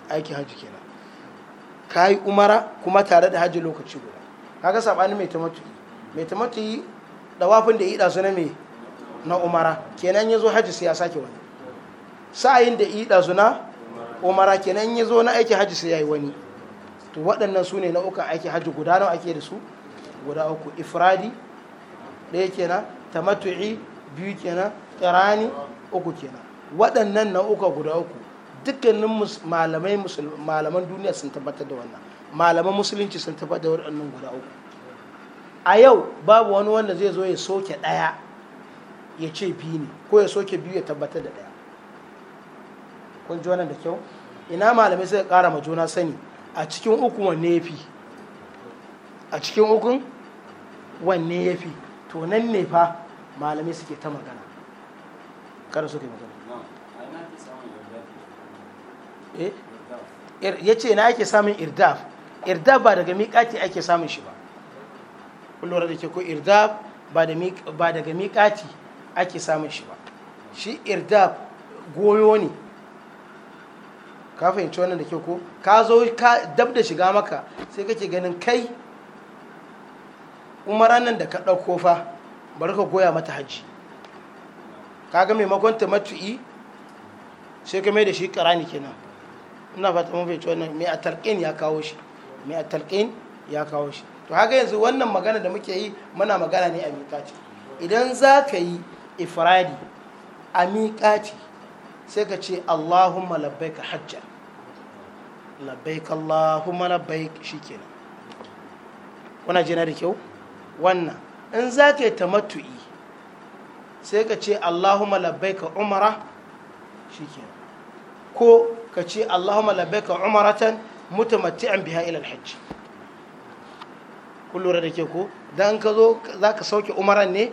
aikin haji kenan yi umara kuma tare da haji lokaci guda kaga sabani mai tamattu'i mai tamattu'i dawafin da yi da na mai na umara kenan ya zo haji sai ya sake wani sa'ayin da ida suna umara kenan ya zo na aiki hajji sai yi wani to waɗannan su ne nau'ukan aiki hajji guda nawa ake da su guda uku ifradi ɗaya kenan tamatu'i biyu kenan ƙirani uku kenan waɗannan nau'uka guda uku dukkanin malamai malaman duniya sun tabbatar da wannan malaman musulunci sun tabbatar da waɗannan guda uku a yau babu wani wanda zai zo ya soke ɗaya ya ce biyu ne ko ya soke biyu ya tabbatar da ɗaya kun ji wannan da kyau ina malamai suka kara ma juna sani a cikin uku wanne ya fi a cikin uku wanne ya fi to nan ne fa malamai suke ta magana kada suke magana eh? er, ya ce na ake samun irdaf irdaf ba daga miƙati ake samun shi ba kullum da ke ko irdaf ba daga miƙati ake samun shi ba shi irdaf goyo ne ka fahimci wannan da ke ko ka zo ka dab da shiga maka sai kake ganin kai umaran nan da ka ɗauko fa bari ka goya mata hajji Ka ga maimakon ta matu'i sai ka mai da shi ƙara ne kenan ina fata mun fahimci wannan mai a talƙin ya kawo shi mai a talƙin ya kawo shi to haka yanzu wannan magana da muke yi muna magana ne a miƙaci idan za ka yi ifradi a miƙaci sai ka ce allahumma labbaika hajja labbaik Allahumma labbaik shikenan kuna jina da kyau wannan in za ka yi tamattu'i sai ka ce Allahumma labbaika umara shikenan ko ka ce Allahumma labbaika umaratan mutamatti'an biha ila al-hajj kun lura da ke ko dan ka zo za ka sauke umaran ne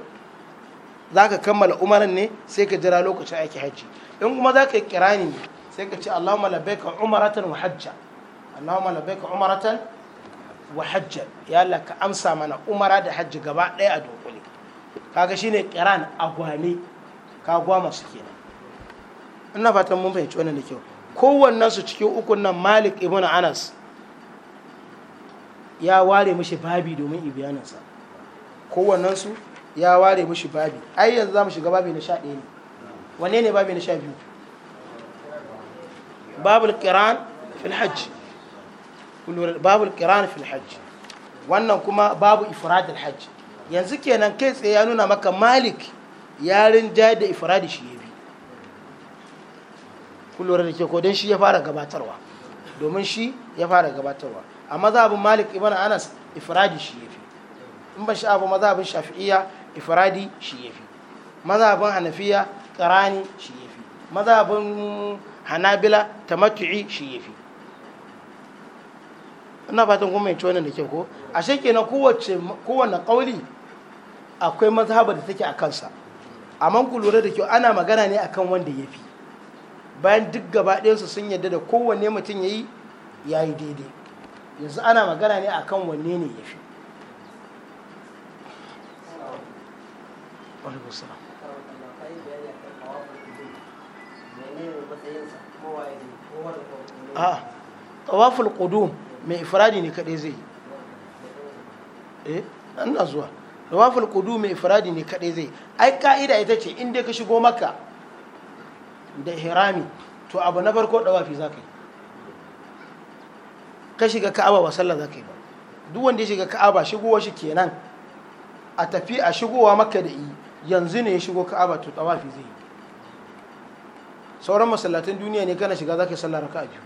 za ka kammala umaran ne sai ka jira lokacin aiki hajji in kuma za ka yi kirani ne sai ka ce Allahumma labbaika umaratan wa hajja Allahumma labbaika umaratan wa hajja ya Allah ka amsa mana umara da hajji gaba ɗaya a dunkule kaga shine qiran agwame ka gwama su kenan ina fatan mun fahimci wannan da kyau kowannen su cikin ukun nan Malik ibn Anas ya ware mishi babi domin sa. kowannen su ya ware mishi babi ai yanzu za mu shiga babi na sha ɗaya ne wanne ne babi na sha biyu القران qiran الحج كل باب qiran في الحج wannan kuma babu ifrad alhajj yanzu kenan kai tsaye ya nuna maka malik ya rinja da ifradi shi yabi kullum da ke kodin shi ya fara gabatarwa domin shi ya fara gabatarwa a mazhabin malik ibn anas ifradi shi yabi in ba shi abu mazhabin shafi'iyya ifradi shi yabi mazhabin hanafiya qarani shi yabi mazhabin hanabila tamattu'i shi yafi ina fatan kuma yanci wannan da ke ko a kenan kowace kowane kauli akwai mazhaba da take a kansa amma ku lura da kyau ana magana ne akan wanda yafi bayan duk gaba ɗayansu sun yarda da kowane mutum ya yi ya yi daidai yanzu ana magana ne akan wanne ne yafi alaikum a tawaful qudum mai ifradi ne kadai zai eh ina zuwa tawaful qudum mai ifradi ne kadai zai ai ka'ida ita ce in ka shigo maka da hirami to abu na farko dawafi zaka yi ka shiga ka'aba ba sallah zaka yi ba duk wanda ya shiga ka'aba shigowa shi kenan a tafi a shigowa maka da yi yanzu ne ya shigo ka'aba to tawafi zai yi sauran masallatan duniya ne kana shiga za ka yi sallah raka biyu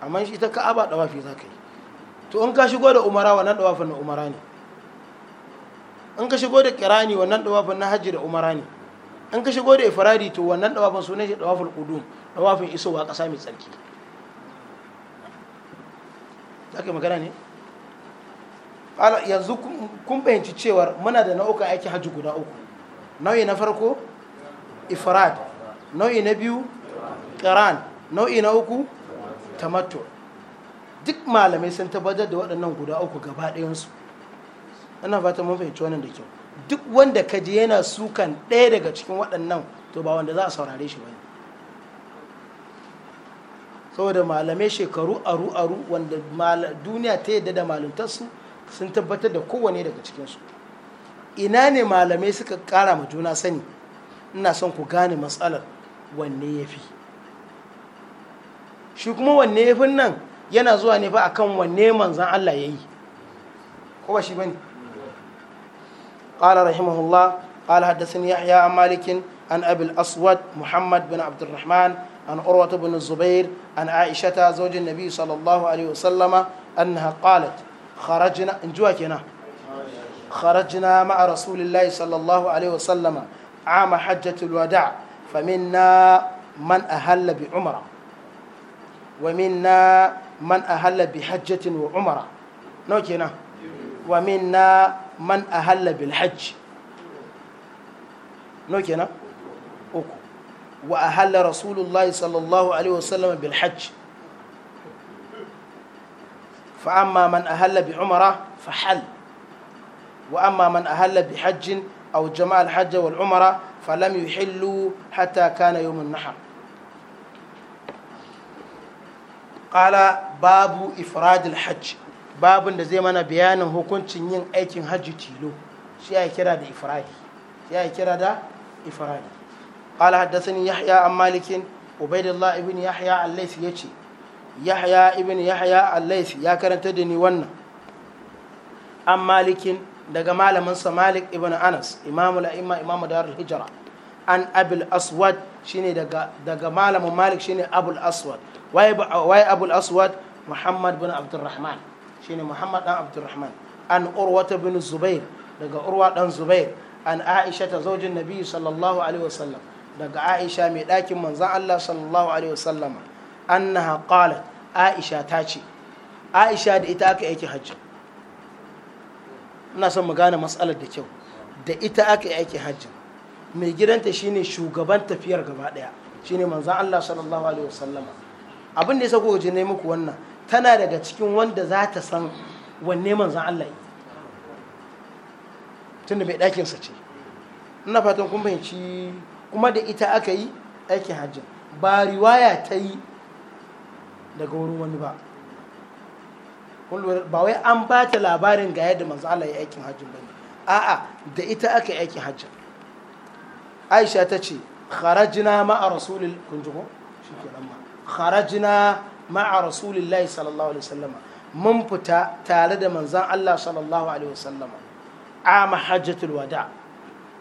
amma ita ka'aba dawafi za ka yi to in ka shigo da umara wannan dawafin na umara ne in ka shigo da kirani wannan dawafin na hajji da umara ne in ka shigo da ifradi to wannan dawafin sunan shi dawafin qudum dawafin isowa kasa mai tsarki za ka magana ne yanzu kun fahimci cewar muna da nau'ukan aikin hajji guda uku nau'i na farko ifrad nau'i na biyu ƙaran nau'i na uku tamato duk malamai sun tabbatar da waɗannan guda uku gaba ɗayansu ana fata mun fahimci wannan da kyau duk wanda ka ji yana sukan ɗaya daga cikin waɗannan to ba wanda za a saurare shi ne saboda malamai shekaru aru aru wanda duniya ta yadda da maluntarsu sun tabbatar da kowane daga cikinsu ina ne malamai suka kara ma juna sani ina son ku gane matsalar wanne ya fi shi kuma wanne ya fi nan yana zuwa ne fa a kan wanne manzan Allah ya yi ko ba shi ba ne ƙala rahimahullah ƙala haddasin yahya a malikin an abil aswad muhammad bin abdurrahman an urwata bin zubair an aisha ta zojin nabi sallallahu alaihi wasallama annaha qalat kharajina in juwa kenan kharajna ma'a rasulillahi sallallahu alaihi wasallama عام حجة الوداع فمنا من أهل بعمرة ومنا من أهل بحجة وعمرة نوكينا ومنا من أهل بالحج نوكينا أوكو وأهل رسول الله صلى الله عليه وسلم بالحج فأما من أهل بعمرة فحل وأما من أهل بحج أو جمع الحج والعمرة falam yuhillu hata kana yawmun nahar qala babu ifradil hajj babin da zai mana bayanin hukuncin yin aikin hajji tilo shi ya kira da ifradi ya kira da ifradi qala haddathani yahya an malikin ubaidullah ibn yahya al-laythi yace yahya ibn yahya al-laythi ya karanta da ni wannan an malikin daga malamin Malik ibn Anas imamu la'imma imamu darul hijra an abul aswad shine daga daga malamin Malik shine abul aswad wai abul aswad Muhammad bin Abdurrahman shine Muhammad dan Abdurrahman an urwata bin Zubair daga urwa dan Zubair an Aisha ta zaujin Nabi sallallahu alaihi wasallam daga Aisha mai dakin manzan Allah sallallahu alaihi wasallama annaha qalat Aisha ta ce Aisha da ita aka yake hajji ina son mu gane matsalar da kyau da ita aka yi aikin hajji mai gidanta shine shugaban tafiyar gaba daya shine manzon Allah sallallahu alaihi wasallama abin da yasa ku je ne muku wannan tana daga cikin wanda za ta san wanne manzon Allah yi tunda bai dakin sa ce ina fatan kun fahimci kuma da ita aka yi aikin hajji ba riwaya ta yi daga wurin wani ba kullum ba wai an ba ta labarin ga yadda manzo Allah ya aikin hajjin bane a'a da ita aka aiki hajji Aisha ta ce kharajina ma'a rasulil kun ji ko shikenan ma kharajna ma'a rasulillahi sallallahu alaihi wasallam mun fita tare da manzon Allah sallallahu alaihi wasallam a mahajjatul wada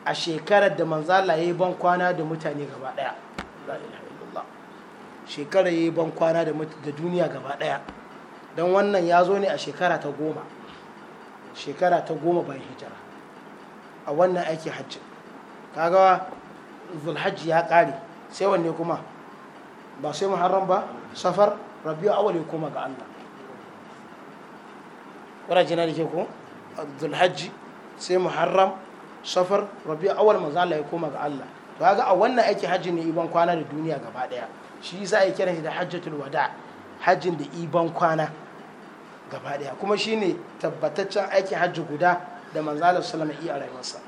a shekarar da manzo Allah yi ban kwana da mutane gaba daya la ilaha illallah shekarar yayi ban kwana da duniya gaba daya don wannan ya zo ne a shekara ta goma shekara ta goma bayan hijira a wannan aiki hajji kaga zulhajji ya ƙare sai wanne kuma ba sai muharram ba safar rabiu awal ya koma ga allah ƙwararci na da ke ko zulhajji sai muharram safar rabiu awal maza allah ya koma ga allah to kaga a wannan aiki hajji ne iban kwana da duniya gaba ɗaya shi za a yi kiran shi da hajjatul wada' hajjin da iban kwana gaba daya kuma shine tabbataccen aikin hajji guda da manzalar salama iya rayuwarsa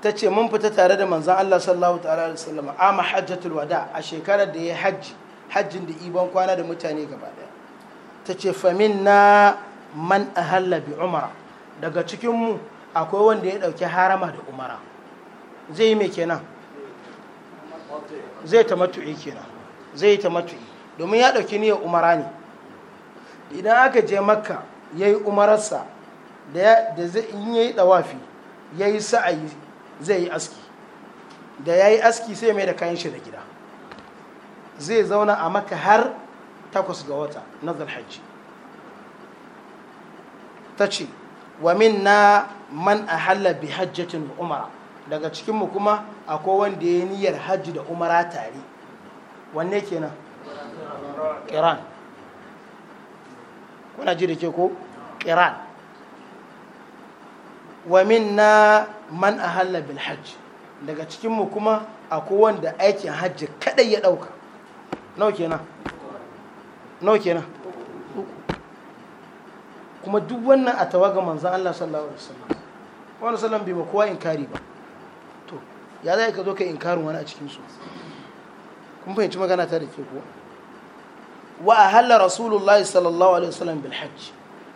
ta ce mun fita tare da manzan Allah sallallahu ta'ala alaihi wasallam ama mahajjatul wada a shekarar da ya hajji hajjin da iban kwana da mutane gaba daya ta ce famin na man ahalla bi umara daga cikinmu akwai wanda ya dauki harama da umara zai yi mai kenan zai ta tamattu'i kenan zai yi domin ya ɗauki niyyar umara ne idan aka je makka ya yi umararsa da in ya yi dawafi ya yi sa'ayi zai yi aski da ya yi aski sai mai da kayan shi da gida zai zauna a makka har takwas ga wata na zalhajji ta ce wa min na man a halla bi hajjatin umara daga cikinmu kuma akwai wanda ya niyyar hajji da umara tare wanne kenan kiran kuna ji da ke ko kiran wa na man a bil hajji daga cikinmu kuma akwai wanda aikin hajji kadai ya dauka nau kenan nau kenan kuma duk wannan a tawaga manzan Allah sallallahu alaihi wasallam wannan sallan bai ma kowa in kari ba ya za ka zo ka inkarin wani a cikinsu kun fahimci magana ta da ke kuwa? wa a halla rasulullahi sallallahu alaihi wasallam bil hajj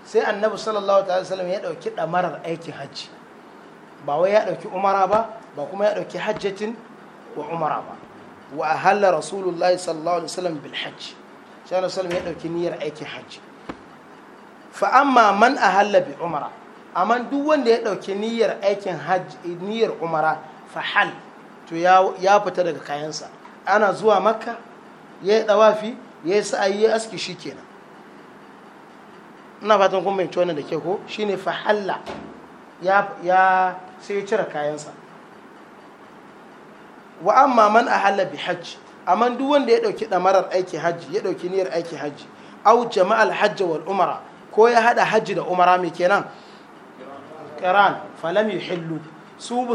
sai annabi sallallahu alaihi wasallam ya dauki damarar aikin hajji ba wai ya dauki umara ba ba kuma ya dauki hajjatin wa umara ba wa a halla rasulullahi sallallahu alaihi wasallam bil hajj sai annabi sallallahu ya dauki niyyar aikin hajji fa amma man a halla bi umara amma duk wanda ya dauki niyyar aikin hajji niyyar umara fahal to ya fita daga kayansa ana zuwa makka ya yi ɗawafi ya yi sa'ayi ya aski shi kenan ina fatan kuma mai wannan da ke ko ne fahalla ya sai ya cire kayansa wa amma man ahalla bi hajji amma duk wanda ya ɗauki damarar aiki hajji ya ɗauki niyyar aiki hajji au jama'al hajji wal umara ko ya hada hajji da umara mai kenan qiran falam hillu su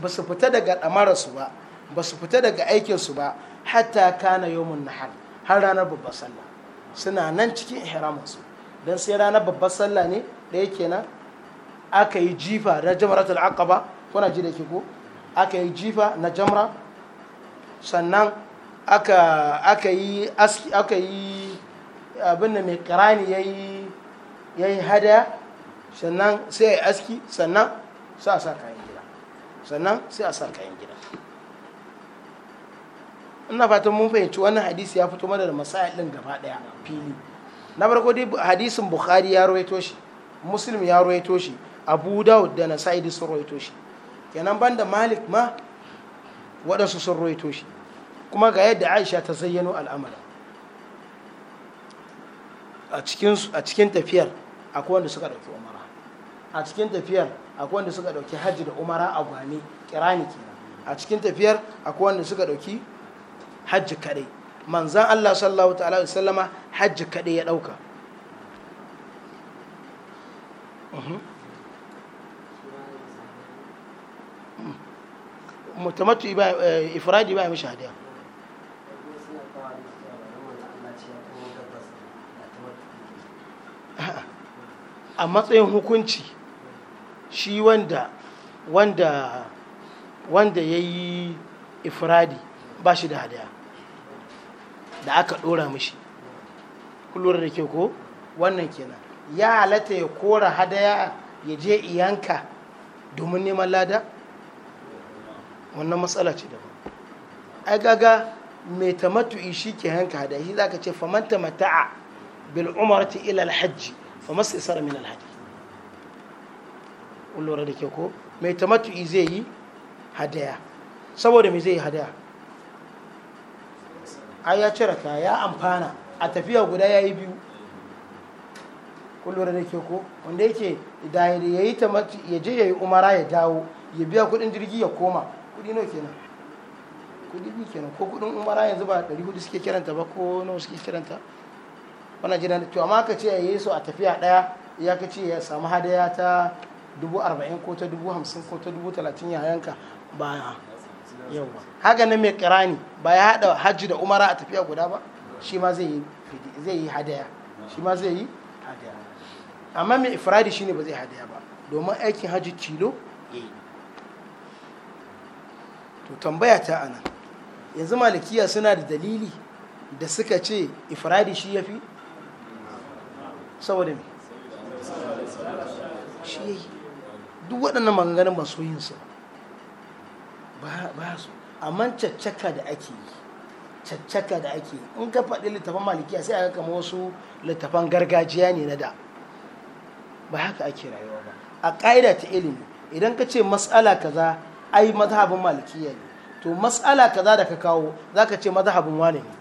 ba su fita daga ɗamararsu ba ba su fita daga aikinsu ba hatta kana na nahar har ranar babbar sallah suna nan cikin ihraminsu dan sai ranar babbar sallah ne da yake kenan aka yi jifa na jamratul aqaba kuna ji da ke ko aka yi jifa na jamra sannan aka yi aski aka yi abin da mai karani yayi yayi hada sannan sai aski sannan sa sa kai sannan sai a sa kayan gida ina fatan mun fahimci wannan hadisi ya fito mana da masail din gaba daya fili na farko dai hadisin bukhari ya rawaito shi muslim ya rawaito shi abu dawud da nasa'i sun rawaito shi kenan banda malik ma waɗansu sun rawaito shi kuma ga yadda aisha ta zayyano al'amarin a cikin tafiyar akwai wanda suka ɗauki umara a cikin tafiyar akwai wanda suka dauki hajji da umara a gwani kirani a cikin tafiyar akwai wanda suka dauki hajji kadai manzan Allah sallallahu ta'ala sallama hajji kadai ya dauka mutumatu mhm. ifiradi eh, ba mishi hadiya a matsayin hukunci shi wanda wanda wanda ya yi ifradi ba shi da hadaya da aka ɗora mishi kulura da ke ko wannan kenan ya halatta ya kora hadaya ya je iyanka domin neman lada wannan matsala ce da ai gaga mai tamattu'i shi ke hanka hadaya shi za ka ce famanta mata'a bil umarti ila alhajji fa isar min Alhaji. lura da ke ko mai tamattu'i zai yi hadaya saboda mai zai yi hadaya ai ya cire ta ya amfana a tafiya guda ya yi biyu kullum da ke ko wanda yake da ya yi ya je ya yi umara ya dawo ya biya kudin jirgi ya koma kudi nawa kenan kudi biyu kenan ko kudin umara yanzu ba 400 suke kiranta ba ko nawa suke kiranta wannan jiran to amma ka ce ya yi so a tafiya daya ya ka ce ya samu hadaya ta dubu arba'in ko ta dubu hamsin ko ta dubu talatin ya yanka ba yawa haka na mai kirani ba ya haɗa hajji da umara a tafiya guda ba shi ma zai yi hadaya shi ma zai yi hadaya amma mai ifradi ne ba zai hadaya ba domin aikin hajji cilo ya yi to tambaya ta ana yanzu malikiya suna da dalili da suka ce ifradi shi ya fi saboda me shi ya yi duk waɗannan maganganun ba yin su ba su amma caccaka da ake yi caccaka da ake in ka faɗi littafan malikiya sai aka kama wasu littafan gargajiya ne na da ba haka ake rayuwa ba a ƙa'ida ta ilimi idan ka ce matsala kaza ai mazhabin malikiya ne to matsala kaza da ka kawo za ka ce mazhabin wane ne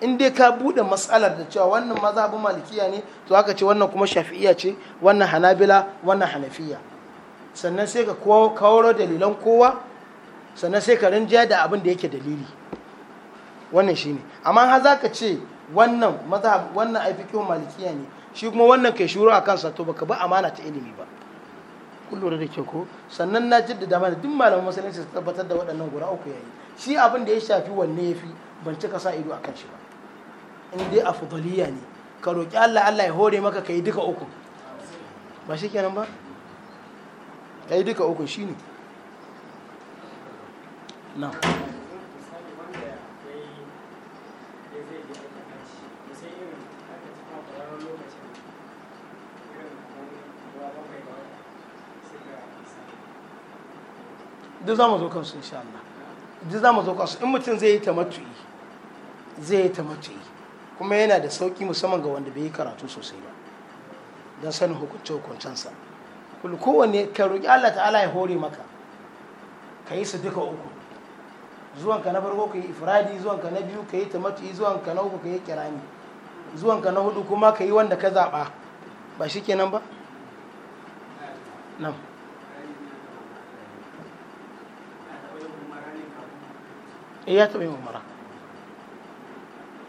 in dai ka bude matsalar da cewa wannan mazhabin malikiya ne to aka ce wannan kuma shafi'iya ce wannan hanabila wannan hanafiya sannan sai ka kawo dalilan kowa sannan sai ka rinjaya da abin da yake dalili wannan shi ne amma ha za ka ce wannan mazhab wannan aifikihun malikiya ne shi kuma wannan kai shuru a kansa to baka ba amana ta ilimi ba kun da ke ko sannan na jaddada mana duk malaman musulunci su tabbatar da waɗannan guda uku yayi shi abin da ya shafi wanne ya fi ban cika sa ido a kan shi ba in dai a afdaliya ne ka roƙi Allah Allah ya hore maka ka yi duka uku ba shi kenan ba ka yi duka uku shi ne na duk za mu zo kansu insha Allah duk za mu zo kansu in mutum zai yi ta matu'i zai yi ta matu'i kuma yana da sauƙi musamman ga wanda bai yi karatu sosai ba don sanin hukunce hukuncensa kullu kowanne ka roƙi Allah ta'ala ya hore maka ka yi su duka uku zuwanka na farko ka yi ifradi zuwanka na biyu ka yi zuwan zuwanka na uku ka yi kirani zuwanka na hudu kuma ka yi wanda ka zaɓa ba shi kenan ba nan eh, ya taɓa yin umara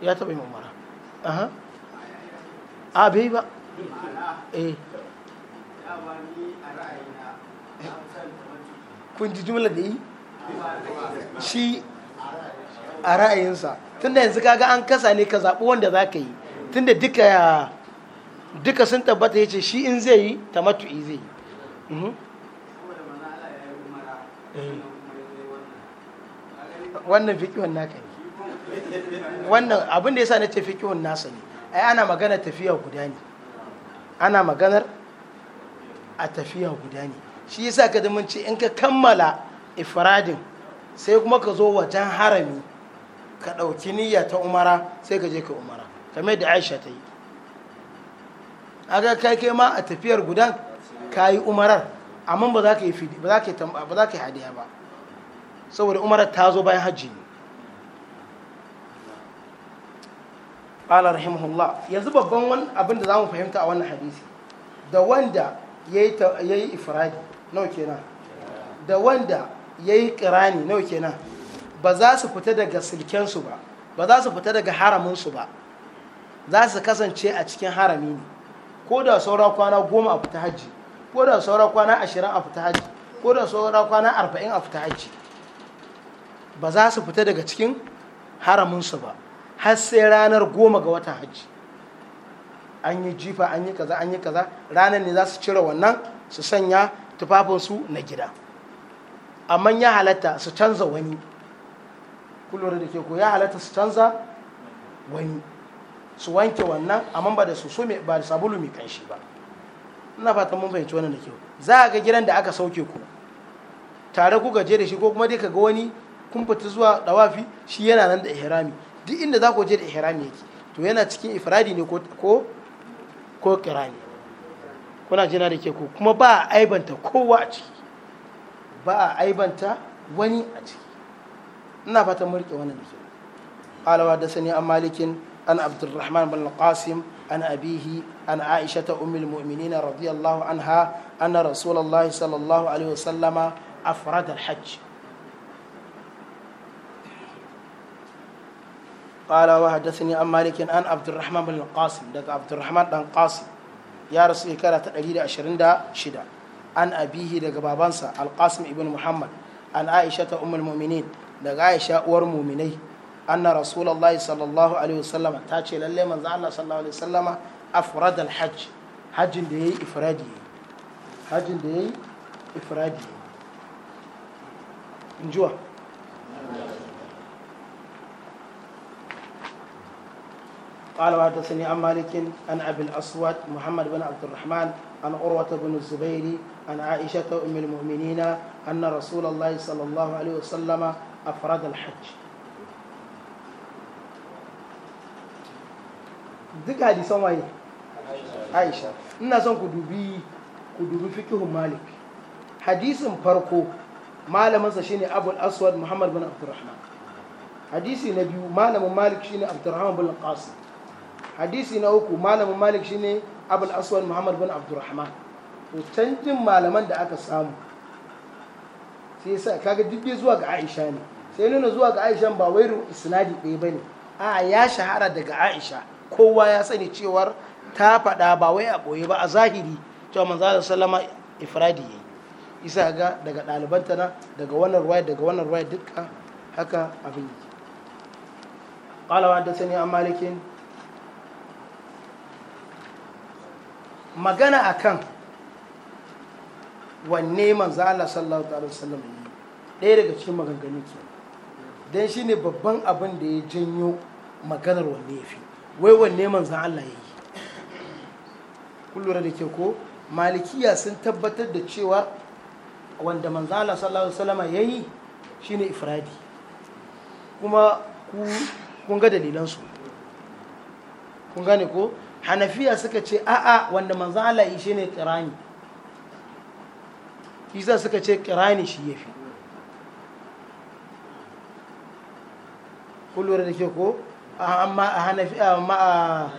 ya taɓa yin umara a ah, bai ba eh kun jumla da yi shi a ra'ayinsa tunda yanzu kaga an kasa ne ka zaɓi wanda za ka yi tunda duka duka sun tabbata ya ce shi in zai yi tamattu'i zai yi mhm. eh. wannan fiki wannan naka wannan abin da yasa na tafi kiwon nasa ne ai ana magana tafiya guda ne ana maganar a tafiya guda ne shi yasa ka mun ce in ka kammala ifradin sai kuma ka zo wajen harami ka ɗauki niyya ta umara sai ka je ka umara kamar da aisha ta yi aga kai kai ma a tafiyar gudan ka yi umarar amma ba za ka yi hadiya ba saboda umarar ta zo bayan hajji ne qala rahimahullah yanzu babban wani abin da zamu fahimta a wannan hadisi da wanda yayi yayi ifradi nawa kenan da wanda yayi qirani nawa kenan ba za su fita daga silken su ba ba za su fita daga haramin su ba za su kasance a cikin harami ne ko da saura kwana goma a fita hajji ko da saura kwana ashirin a fita hajji ko da saura kwana arba'in a fita hajji ba za su fita daga cikin haraminsu ba har sai ranar goma ga watan hajji an yi jifa an yi kaza an yi kaza ranar ne za su cire wannan su sanya tufafinsu na gida amma ya halatta su canza wani kullum da ke ko ya halatta su canza wani su wanke wannan amma ba da soso ba da sabulu mai kanshi ba ina fatan mun fahimci wannan da kyau za a ga gidan da aka sauke ku tare ku gaje da shi ko kuma dai ka ga wani kun fita zuwa dawafi shi yana nan da ihrami duk inda za ku je da ihrami yake to yana cikin ifradi ne ko ko kirani kuna jina da ke ku kuma ba a aibanta kowa a ciki ba a aibanta wani a ciki ina fatan murke wannan da alawa da sani an malikin an abdurrahman bin qasim an abihi an aisha ta ummul mu'minin radiyallahu anha anna rasulullahi sallallahu alaihi wasallama afrad al-hajj قال وحدثني عن مالك عن عبد الرحمن بن القاسم دك عبد الرحمن بن قاسم يا رسول كرة تقليد أشرين دا شدا عن أبيه دك بابانسا القاسم ابن محمد عن عائشة أم المؤمنين دك عائشة ور مؤمني أن رسول الله صلى الله عليه وسلم تاتي للي من الله صلى الله عليه وسلم أفراد الحج حج دي إفرادي حج دي إفرادي نجوه قال وحدثني عن مالك عن ابي الاسود محمد بن عبد الرحمن عن عروه بن الزبير عن عائشه ام المؤمنين ان رسول الله صلى الله عليه وسلم افراد الحج duk hadisan waye son ku dubi fikihun malik hadisin farko malaminsa shine abul aswad muhammad bin abdurrahman hadisi na biyu malamin malik shine abdurrahman bin qasim hadisi na uku malamin malik shine abul aswan muhammad bin abdurrahman to canjin malaman da aka samu sai sa kaga duk zuwa ga aisha ne sai nuna zuwa ga aisha ba wai isnadi ɗaya bane a ya shahara daga aisha kowa ya sani cewar ta faɗa ba wai a ɓoye ba a zahiri cewa manzo da sallama ifradi yayi isa ga daga ɗalibanta na daga wannan ruwaya daga wannan ruwaya dukkan haka abin yake magana akan wanne manzo Allah sallallahu alaihi wasallam ɗaya daga cikin maganganu ke dan ne babban abin da ya janyo maganar wanne ya fi wai wanne manzo Allah ya yi kullura da ke ko malikiya sun tabbatar da cewa wanda manzo Allah sallallahu alaihi wasallam ya yi shine ifradi kuma kun ga dalilansu kun gane ko hanafiya suka ce a'a wanda manzan Allah yi shi ne kirani isa suka ce kirani shi ya fi kullum da ke ko amma a hanafiya amma a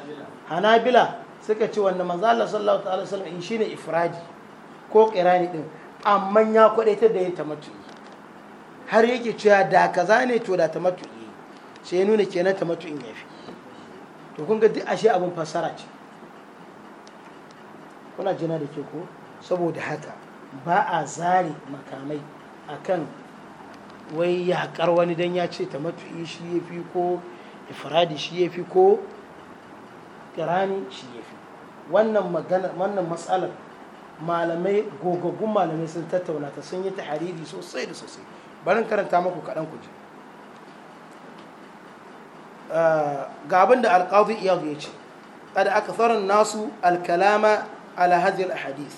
hanabila suka ce wanda manzan Allah sallallahu ta'ala sallam in shi ne ifiraji ko kirani din amma ya ta da yin tamattu'i har yake cewa da kaza ne to da tamattu'i sai ya nuna kenan tamattu'in ya fi to kun ga duk ashe abin fassara ce kuna jina da ke ko saboda haka ba a zare makamai akan wai ya haƙar wani dan ya ce ta matu'i shi ya fi ko ifradi shi ya fi ko kirani shi ya fi wannan matsalar malamai gogaggun malamai sun tattauna ta sun yi ta sosai da sosai barin karanta maku kaɗan ku ji ga da alƙadu iyadu ya ce kada aka tsarin nasu alkalama ala hadhihi hadis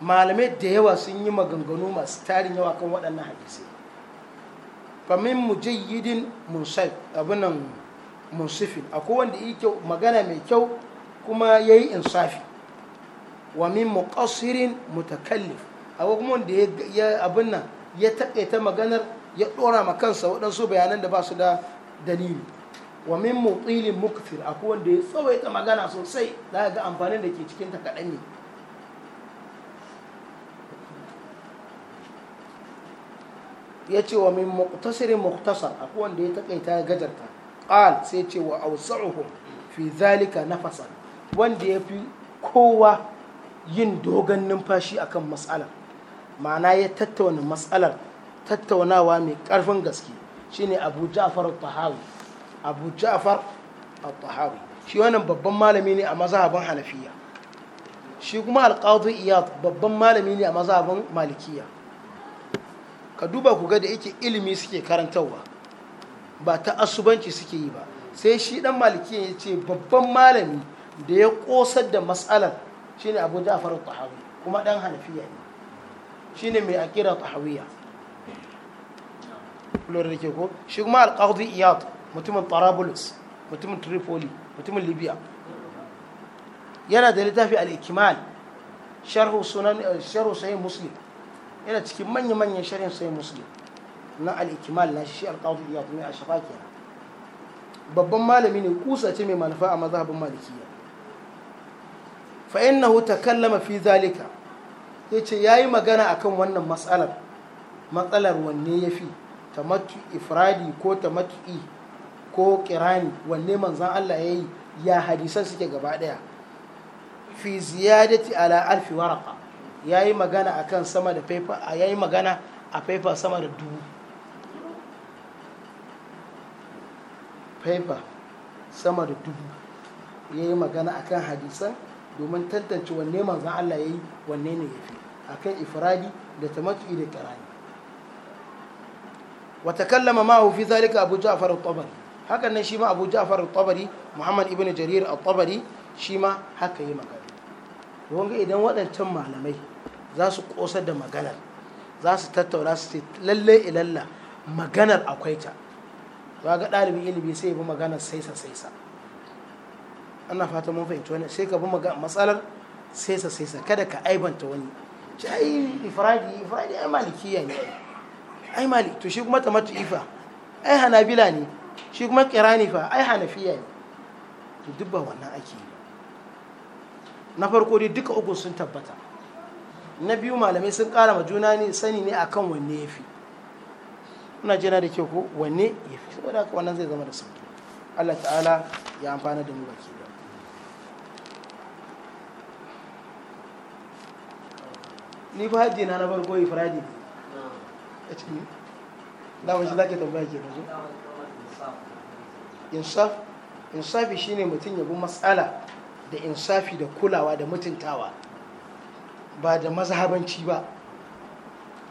malamai da yawa sun yi maganganu masu tarin yawa kan waɗannan hadisai famin mujayyidin musaif abinan musifin a wanda yi kyau magana mai kyau kuma ya yi insafi wa min muqassirin mutakallif a kuma wanda ya abin nan ya taƙaita maganar ya ɗora ma kansa waɗansu bayanan da ba su da dalili wa min mutilin mukfir akwai wanda ya tsawaita magana sosai za ga amfanin da ke cikin ta ne ya ce wa min muqtasirin a akwai wanda ya takaita ya gajarta ƙal sai ce wa awsa'uhum fi zalika nafasan wanda ya fi kowa yin dogon numfashi akan matsalar ma'ana ya tattauna matsalar tattaunawa mai ƙarfin gaske shine abu ja'far tahawi abu ja'far al-tahawi shi wannan babban malami ne a mazhabin hanafiya shi kuma al al-qadi iyad babban malami ne a mazhabin malikiya ka duba ku ga da yake ilimi suke karantarwa ba ta asubanci suke yi ba sai shi dan malikiya ya ce babban malami da ya kosar da matsalar shine abu ja'far al-tahawi kuma dan hanafiya ne shine mai akira tahawiya lura da ke ko shi kuma al al-qadi iyad mutumin Tarabulus mutumin Tripoli mutumin Libya yana da littafi al sharhu sunan eh, Muslim yana cikin manya manyan sharhin sahih Muslim na al-Ikmal na shi alkawar qadi tumi a ashafa babban malami ne kusa ce mai manufa a mazhabin fa'in na ta kallama fi zalika yace yi magana akan wannan matsalar matsalar wanne ya fi ta matu ifradi ko ta matu'i ko kirani wanne manzan Allah ya yi ya hadisan suke gaba daya fi ziyadati ala alfi waraka ya yi magana a kan sama da a ya yi magana a paper sama da dubu paper sama da dubu ya yi magana a kan hadisan domin tantance wanne manzan Allah ya yi wanne ne ya fi a kan ifiradi da tamatu'i da kirani وتكلم fi zalika abu أبو al-tabari hakan nan shi ma abu ja'far al-tabari muhammad ibn jarir al-tabari shi ma haka yi magana don ga idan waɗancan malamai za su ƙosar da maganar za su tattauna su ce lalle ilalla maganar akwai ta ba ga ɗalibin ilimi sai bi maganar saisa saisa ana fata mun fahimci wani sai ka bi matsalar saisa saisa kada ka aibanta wani ci ai ifradi ifradi ai malikiya ne ai malik to shi kuma ta matu ifa ai hanabila ne shi kuma kirani fa ai hanafiya ne to duk ba wannan ake yi na farko dai duka uku sun tabbata na biyu malamai sun kara ma juna ne sani ne akan wanne ya fi ina jina da kyau ko wanne ya fi saboda haka wannan zai zama da sauki Allah ta'ala ya amfana da mu baki da ni ba hajji na na farko ifradi ne da wani shi zake tambaya ke da insaf insafi shine mutum ya matsala da insafi da kulawa da mutuntawa ba da mazhabanci ba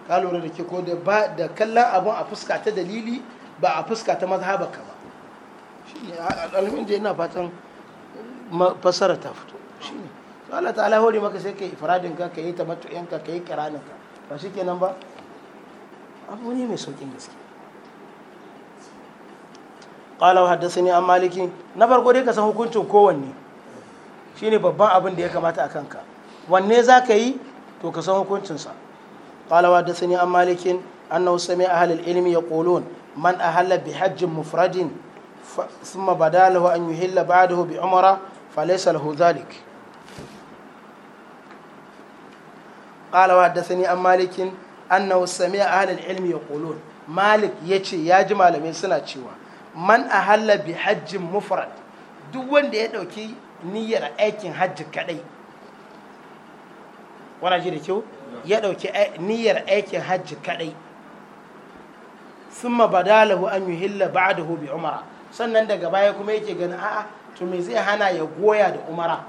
ka lura da ke ko da ba da kallon abun a fuska ta dalili ba a fuska ta mazhabaka ba shine alhamin da yana fatan fasara ta fito shine to Allah ta'ala hore maka sai kai ifradin ka kai tamattu'in ka kai kiranin ka ba shikenan ba abu ne mai saukin gaskiya qala haddathani an na farko dai ka san hukuncin kowanne shine babban abin da ya kamata a wanne za ka yi to ka san hukuncinsa qala haddathani an malikin annahu sami'a ahlul ilmi yaqulun man ahalla bi hajjin mufradin ثم بدا له أن يهل بعده بعمرة فليس له ذلك قال وحدثني عن مالك أنه سمع أهل العلم يقولون مالك يتي ya ji malamai suna cewa. man a hallabi hajjin mufrad duk wanda ya dauki niyyar aikin hajji kadai wana ji da kyau ya ɗauki niyyar aikin hajji kadai ba dalahu an yuhilla da hobi umara sannan daga baya kuma yake ganin a'a to me zai hana ya goya da umara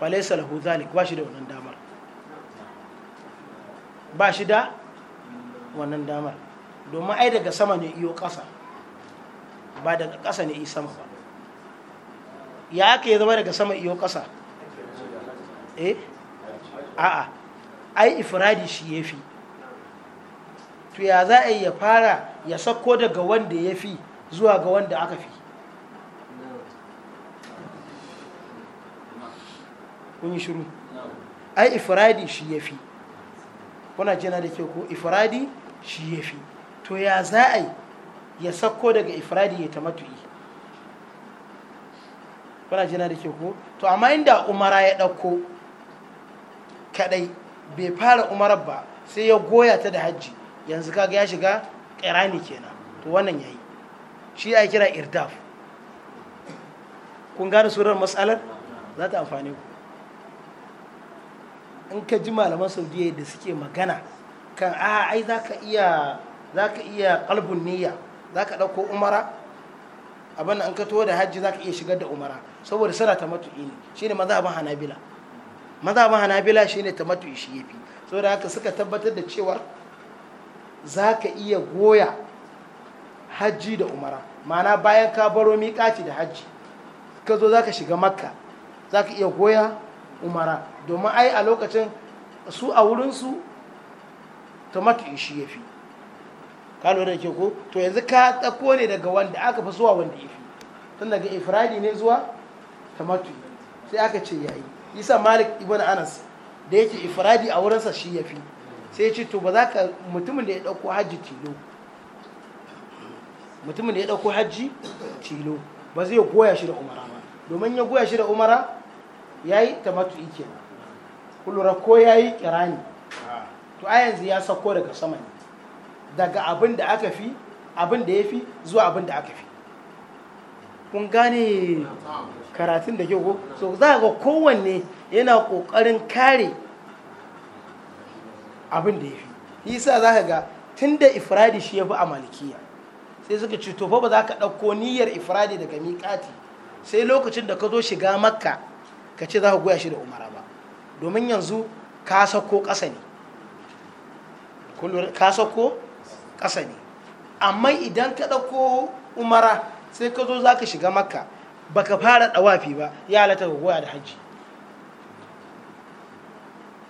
falaisa lahu zalik ba shi da wannan damar ba shi da wannan damar domin ai daga sama ne iyo ƙasa ba daga ƙasa ne iyo sama ba ya aka yi zama daga sama iyo ƙasa eh a'a ai ifradi shi ya fi to ya za a yi ya fara ya sako daga wanda ya fi zuwa ga wanda aka fi kun shuru shiru ai ifradi shi ya fi kuna jina da ke ko ifradi shi ya fi to ya za a yi ya sako daga ifradi ya tamattu'i kuna jina da ke ku to amma inda umara ya ɗauko kadai bai fara umarar ba sai ya goya ta da hajji yanzu kaga ya shiga ƙirani kenan to wannan ya yi shi ya kira irdaf kun gane surar matsalar za ta amfani ku in ka ji malaman saudiya da suke magana kan a ai za ka iya za ka iya kalbun niyya za ka ɗauko umara abin an ka da hajji za ka iya shigar da umara saboda sana ta matu'i ne shi ne mazhabin hanabila mazhabin hanabila shi ne ta matu'i shi yafi saboda haka suka tabbatar da cewar za ka iya goya hajji da umara ma'ana bayan ka baro miƙaci da hajji ka zo za ka shiga makka za ka iya goya umara domin ai a lokacin su a wurinsu ta matu'i shi yafi fi ka da ke ko to yanzu ka tsako ne daga wanda aka fi zuwa wanda ifi tun daga ifradi ne zuwa tamatu sai aka ce ya yi isa malik ibn anas da yake ifradi a wurinsa shi ya fi sai ce to ba za ka mutumin da ya ɗauko hajji tilo mutumin da ya ɗauko hajji tilo ba zai goya shi da umara ba domin ya goya shi da umara ya yi tamatu ike kullura ko ya yi kirani ah. to a yanzu ya sako daga sama ne daga abin da aka fi abin da ya fi zuwa abin da aka fi kun gane karatun da kyau so za ga kowanne yana kokarin kare abin da ya fi isa za ka ga tun da ifradi shi ya fi a malikiya sai suka ci tofa ba za ka ɗauko niyyar ifradi daga miƙati sai lokacin da ka zo shiga makka ka ce za ka goya shi da umara ba domin yanzu ka sako ƙasa ne ka sako ƙasa ne amma idan ka ɗauko umara sai ka zo za ka shiga makka baka fara ɗawafi ba ya halatta ka goya da hajji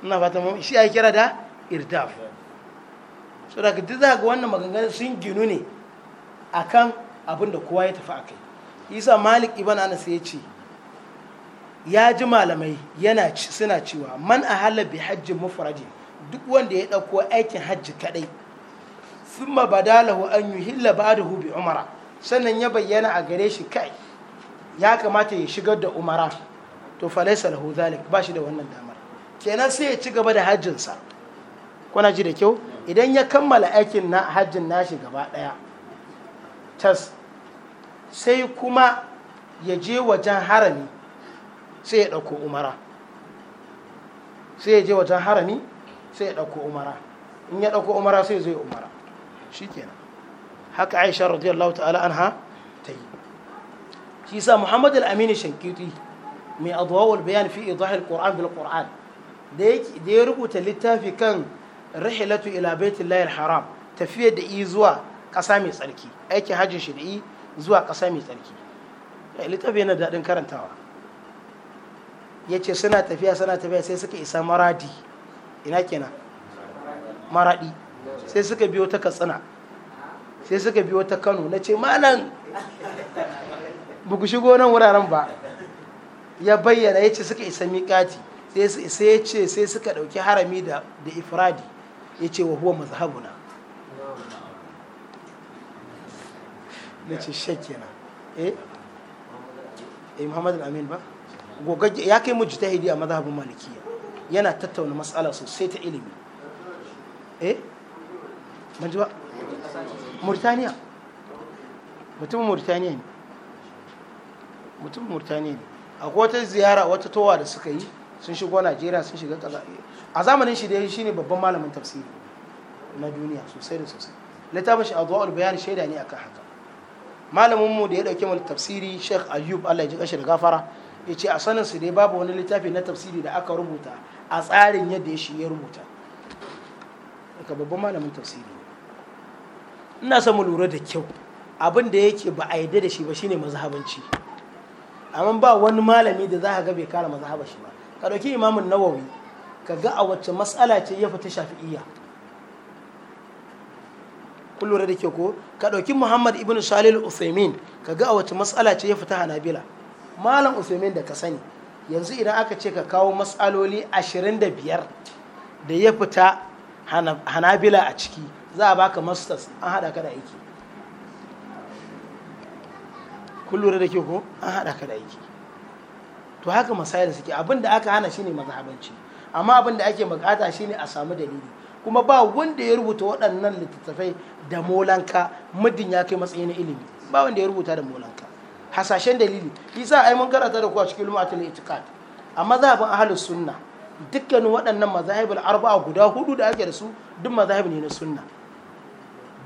ina fata mu shi ai kira da irdaf so da duk za ga wannan maganganun sun ginu ne akan abin da kowa ya tafi a kai isa malik ibn anas ya ce ya ji malamai yana suna cewa man halar bi hajji mufradi duk wanda ya ɗauko aikin hajji kaɗai thumma badalahu an yuhilla ba'dahu bi umara sannan ya bayyana a gare shi kai ya kamata ya shigar da umara to falaisa lahu zalik ba shi da wannan damar kenan sai ya ci gaba da hajjinsa kuna ji da kyau idan ya kammala aikin na hajjin nashi gaba daya tas sai kuma ya je wajen harami sai ya dauko umara sai ya je wajen harami sai ya dauko umara in ya dauko umara sai zai umara shikenan haka aisha radiyallahu ta'ala anha ta yi shi sa muhammad al amini shankiti mai adwawul bayan fi idahil qur'an bil qur'an da ya rubuta littafi kan rahilatu ila baitillahi haram Tafiya da yi zuwa ƙasa mai tsarki aikin hajjin shi da yi zuwa ƙasa mai tsarki eh, littafi yana daɗin karantawa ya ce suna tafiya suna tafiya sai suka isa maradi ina kenan maradi sai suka biyo ta katsina sai suka biyo ta kano na ce ma ba shigo nan wuraren ba ya bayyana ya ce suka isa miƙati sai ya ce sai suka ɗauki harami da ifradi ya ce wa huwa mazhabuna na ce shakina eh eh Muhammadu amin ba gogagge ya kai mu jitahidi a mazhabin malikiya yana tattauna matsala sosai ta ilimi eh ban ba murtaniya mutumin murtaniya ne mutumin murtaniya ne a wata ziyara wata towa da suka yi sun shigo najeriya sun shiga kaza a zamanin shi shi ne babban malamin tafsiri na duniya sosai da sosai littafin shi adwa'ul bayani shaida ne akan haka malamin mu da ya dauke mu tafsiri Sheikh Ayyub Allah ya ji kashi da gafara ce a sanin su dai babu wani littafi na tafsiri da aka rubuta a tsarin yadda ya shi ya rubuta ka babban malamin tafsiri ina son lura da kyau abin da yake ba a yadda da shi ba shine mazhabanci amma ba wani malami da za ka ga bai kara mazhaba shi ba ka dauki imamun nawawi ka ga a wacce matsala ce ya fita shafi'iyya kun lura da kyau ko ka dauki muhammad ibn salil usaimin ka ga a wacce matsala ce ya fita hanabila malam usaimin da ka sani yanzu idan aka ce ka kawo matsaloli 25 da ya fita hanabila a ciki za a baka masters an hada ka da aiki kullure da ke ko an hada ka da aiki to haka masayar suke abinda aka hana shine mazhabanci amma abinda ake bukata shine a samu dalili kuma ba wanda ya rubuta waɗannan littattafai da molanka muddin ya kai matsayi na ilimi ba wanda ya rubuta da molanka hasashen dalili isa ai mun karanta da ku a cikin lumatul itiqad a mazhabin ahlus sunna dukkanin waɗannan mazahibul arba'a guda hudu da ake da su duk mazahib ne na sunna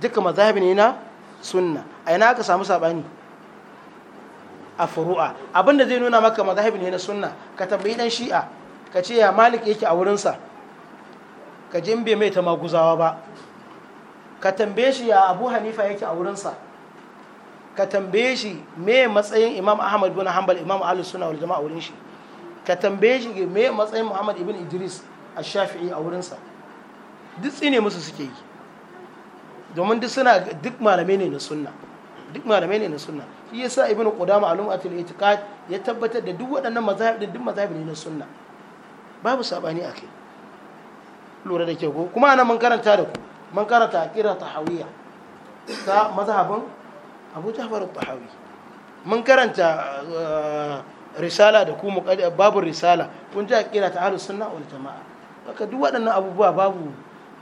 duka mazhabi ne na sunna a yana aka samu sabani a furu'a abinda zai nuna maka mazhabi ne na sunna ka tambayi dan shi'a ka ce ya malik yake a wurinsa ka je bai mai ta maguzawa ba ka tambaye shi ya abu hanifa yake a wurinsa ka tambaye shi me matsayin imam ahmad bin hanbal imam ahlus sunna wal jama'a wurin shi ka tambaye shi me matsayin muhammad ibn idris a shafi'i a wurinsa duk tsine musu suke yi domin duk suna duk malamai ne na sunna duk malamai ne na sunna shi yasa ibnu qudama al-ummatul itiqad ya tabbatar da duk waɗannan mazahib duk ne na sunna babu sabani ake. lura da ke ko kuma ana mun karanta da ku mun karanta a tahawiyya ta mazhabin Abu Ja'far ta tahawi mun karanta uh, risala da ku babu risala kun ji aqida ta ahlus sunna wal jamaa haka duk waɗannan abubuwa babu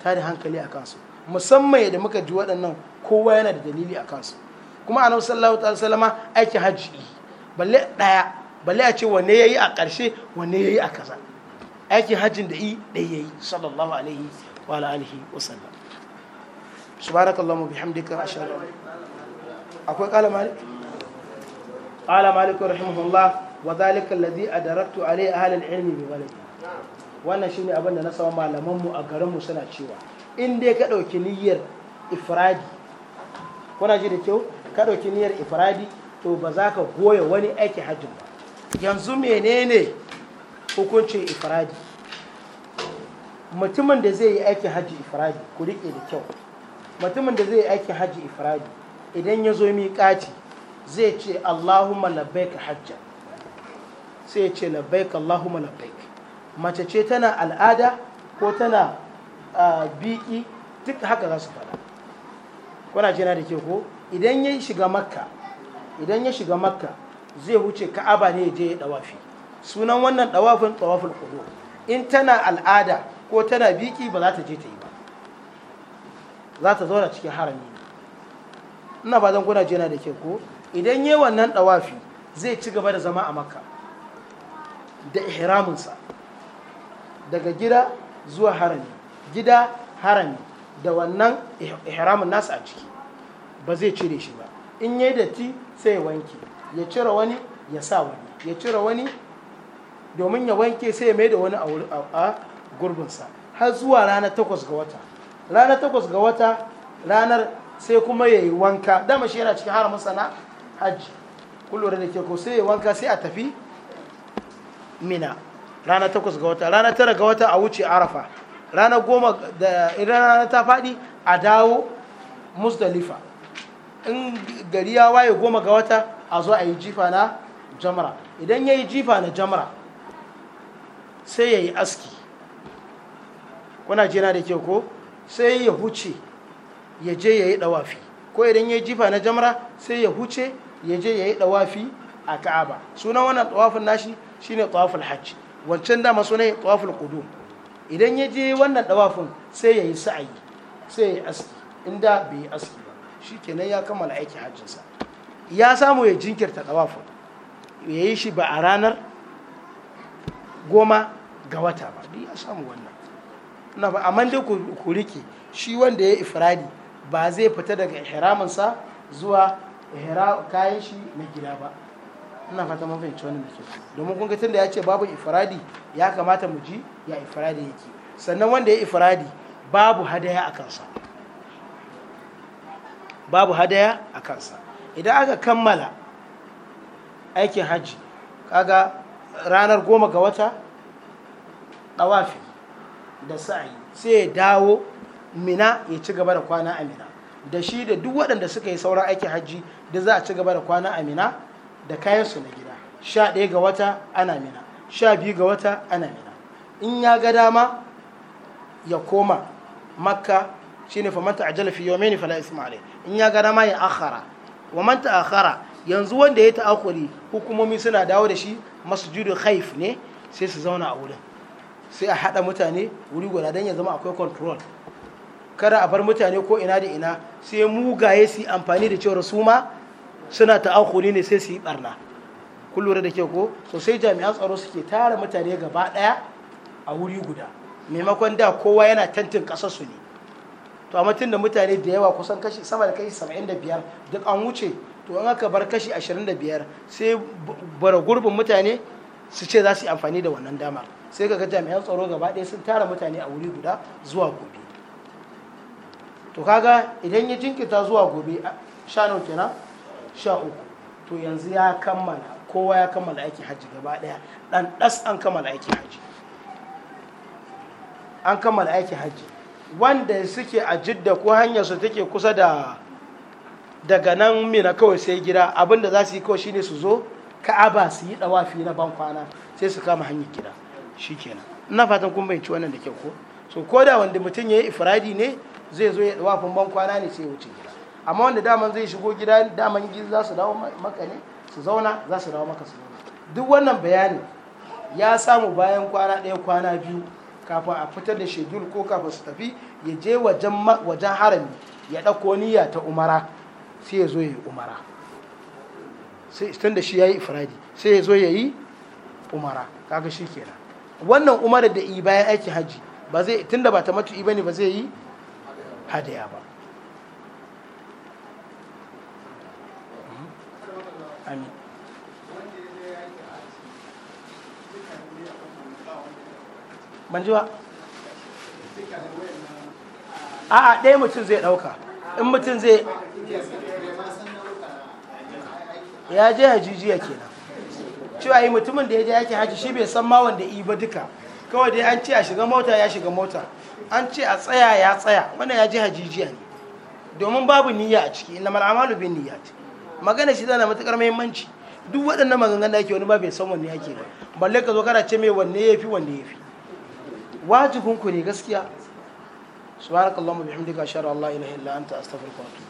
tare hankali akan su musamman yadda muka ji waɗannan kowa yana da dalili a kansu kuma annabi sallallahu alaihi wasallama aikin hajji balle daya balle a ce wanne yayi a ƙarshe wanne yayi a kaza aikin hajjin da i da yayi sallallahu alaihi wa alihi wasallam subhanakallahumma bihamdika ashhadu akwai qala malik qala malik rahimahullah wa dhalika alladhi adaraktu alayhi ahli al-ilmi bi ghalib wannan shine abin da na samu malamanmu a garinmu suna cewa in dai ka ɗauki niyyar ifradi kuna ji da kyau ka ɗauki niyyar ifradi to ba za ka goya wani aiki hajji ba yanzu menene hukuncin ifradi mutumin da zai yi aiki hajji ifradi ku riƙe da kyau mutumin da zai yi aiki hajji ifradi idan ya zo miƙati zai ce allahumma labbaik hajja sai ya ce labbaik allahumma labbaik mace ce tana al'ada ko tana biƙi e, duk haka za su faɗa kuna jina da ke ko idan ya shiga makka idan ya shiga makka zai wuce ka'aba ne je ya dawafi sunan wannan dawafin dawafin kudu in tana al'ada ko tana biki ba za ta je ta yi ba za ta zauna cikin harami ne ina ba zan kuna jina da ke ko idan yi wannan dawafi zai ci gaba da zama a makka da ihraminsa daga gida zuwa harami gida harami da wannan ihramun nasu a ciki ba zai cire shi ba in yi datti sai ya wanke ya cire wani ya sa wani ya cire wani domin ya wanke sai ya mai da wani a gurbinsa har zuwa ranar takwas ga wata ranar takwas ga wata ranar sai kuma ya yi wanka dama shi yana cikin haramin sana hajji kullum da ke ko sai ya wanka sai a tafi mina ranar takwas ga wata ranar tara ga wata a wuce arafa ranar goma da idan rana ta faɗi a dawo musdalifa in gari ya waye goma ga wata a zo a yi jifa na jamra idan ya yi jifa na jamra sai ya yi aski kuna jina da ke ko sai ya huce ya je ya yi ɗawafi ko idan ya yi jifa na jamra sai ya huce ya je ya yi ɗawafi a ka'aba sunan wannan ɗawafin nashi shine ɗawafin hajji wancan dama sunan ɗawafin ƙudum idan ya je wannan dawafin sai ya yi sa'ayi sai ya aski inda bai yi aski ba shi kenan ya kammala aiki hajjinsa ya samu ya jinkirta dawafin ya yi shi ba a ranar goma ga wata ba ya samu wannan na ba amma ku shi wanda ya ifradi ba zai fita daga ihraminsa zuwa kayan shi na gida ba ina fata mun fahimci wannan dake domin kun ga tunda ya ce babu ifradi ya kamata mu ji ya ifradi yake sannan wanda ya ifradi babu hadaya a kansa babu hadaya a kansa idan aka kammala aikin hajji kaga ranar goma ga wata ɗawafi da sa'i sai ya dawo mina ya ci gaba da kwana a mina da shi da duk waɗanda suka yi sauran aikin hajji da za a ci gaba da kwana a mina da kayansu na gida sha ɗaya ga wata ana mina sha biyu ga wata ana mina in ya ga dama ya koma makka shine fa manta ajala fi yawmin fala isma alai in ya ga dama ya akhara wa man akara yanzu wanda ya akuri hukumomi suna dawo da shi masu judo haif ne sai su zauna a wurin sai a haɗa mutane wuri guda dan ya zama akwai control kada a bar mutane ko ina da ina sai mugaye su amfani da cewar suma. suna ta ta'akuri ne sai su yi barna kun da ke ko sosai jami'an tsaro suke tara mutane gaba daya a wuri guda maimakon da kowa yana tantin kasar su ne to amma tun da mutane da yawa kusan kashi sama da kashi 75 duk an wuce to an aka bar kashi 25 sai bara gurbin mutane su ce za su yi amfani da wannan dama sai ga jami'an tsaro gaba ɗaya sun tara mutane a wuri guda zuwa gobe to kaga idan ya jinkita zuwa gobe shanon kenan sha uku to yanzu ya kammala kowa ya kammala aikin hajji gaba ɗaya ɗan ɗas an kammala aikin hajji an kammala aikin hajji wanda suke a jidda ko hanyar su take kusa da daga nan mina kawai sai gida abinda za su yi kawai shine su zo ka'aba su yi dawafi na ban kwana sai su kama hanyar gida shikenan ina fatan kun bayyana wannan da kyau ko so ko wanda mutum ya yi ifradi ne zai zo ya dawafin ban kwana ne sai ya wuce gida amma wanda daman zai shigo gida daman gida za su dawo maka ne su zauna za su dawo maka su zauna duk wannan bayani ya samu bayan kwana ɗaya kwana biyu kafin a fitar da shedul ko kafin su tafi ya je wajen harami ya ɗauko niyya ta umara sai ya zo ya yi umara sai tun da shi ya yi ifradi sai ya zo ya yi umara kaga shi kenan wannan umara da yi bayan aiki hajji ba zai tun da ba ta matu'i ba ne ba zai yi hadaya ba ban ji ba a'a ɗaya mutum zai ɗauka in mutum zai ya je hajijiya kenan cewa yi mutumin da ya je yake haji shi bai san ma wanda i ba duka kawai dai an ce a shiga mota ya shiga mota an ce a tsaya ya tsaya wanda ya je hajijiya ne domin babu niyya a ciki inda mal'amalu bin niyyat magana shi tana matukar muhimmanci duk waɗannan maganganun da ake wani ba bai san wanne yake ba balle ka zo kana ce mai wanne fi wanne fi. واجبكم كوني غسكيا سبحانك اللهم وبحمدك اشهد ان لا اله الا انت استغفرك واتوب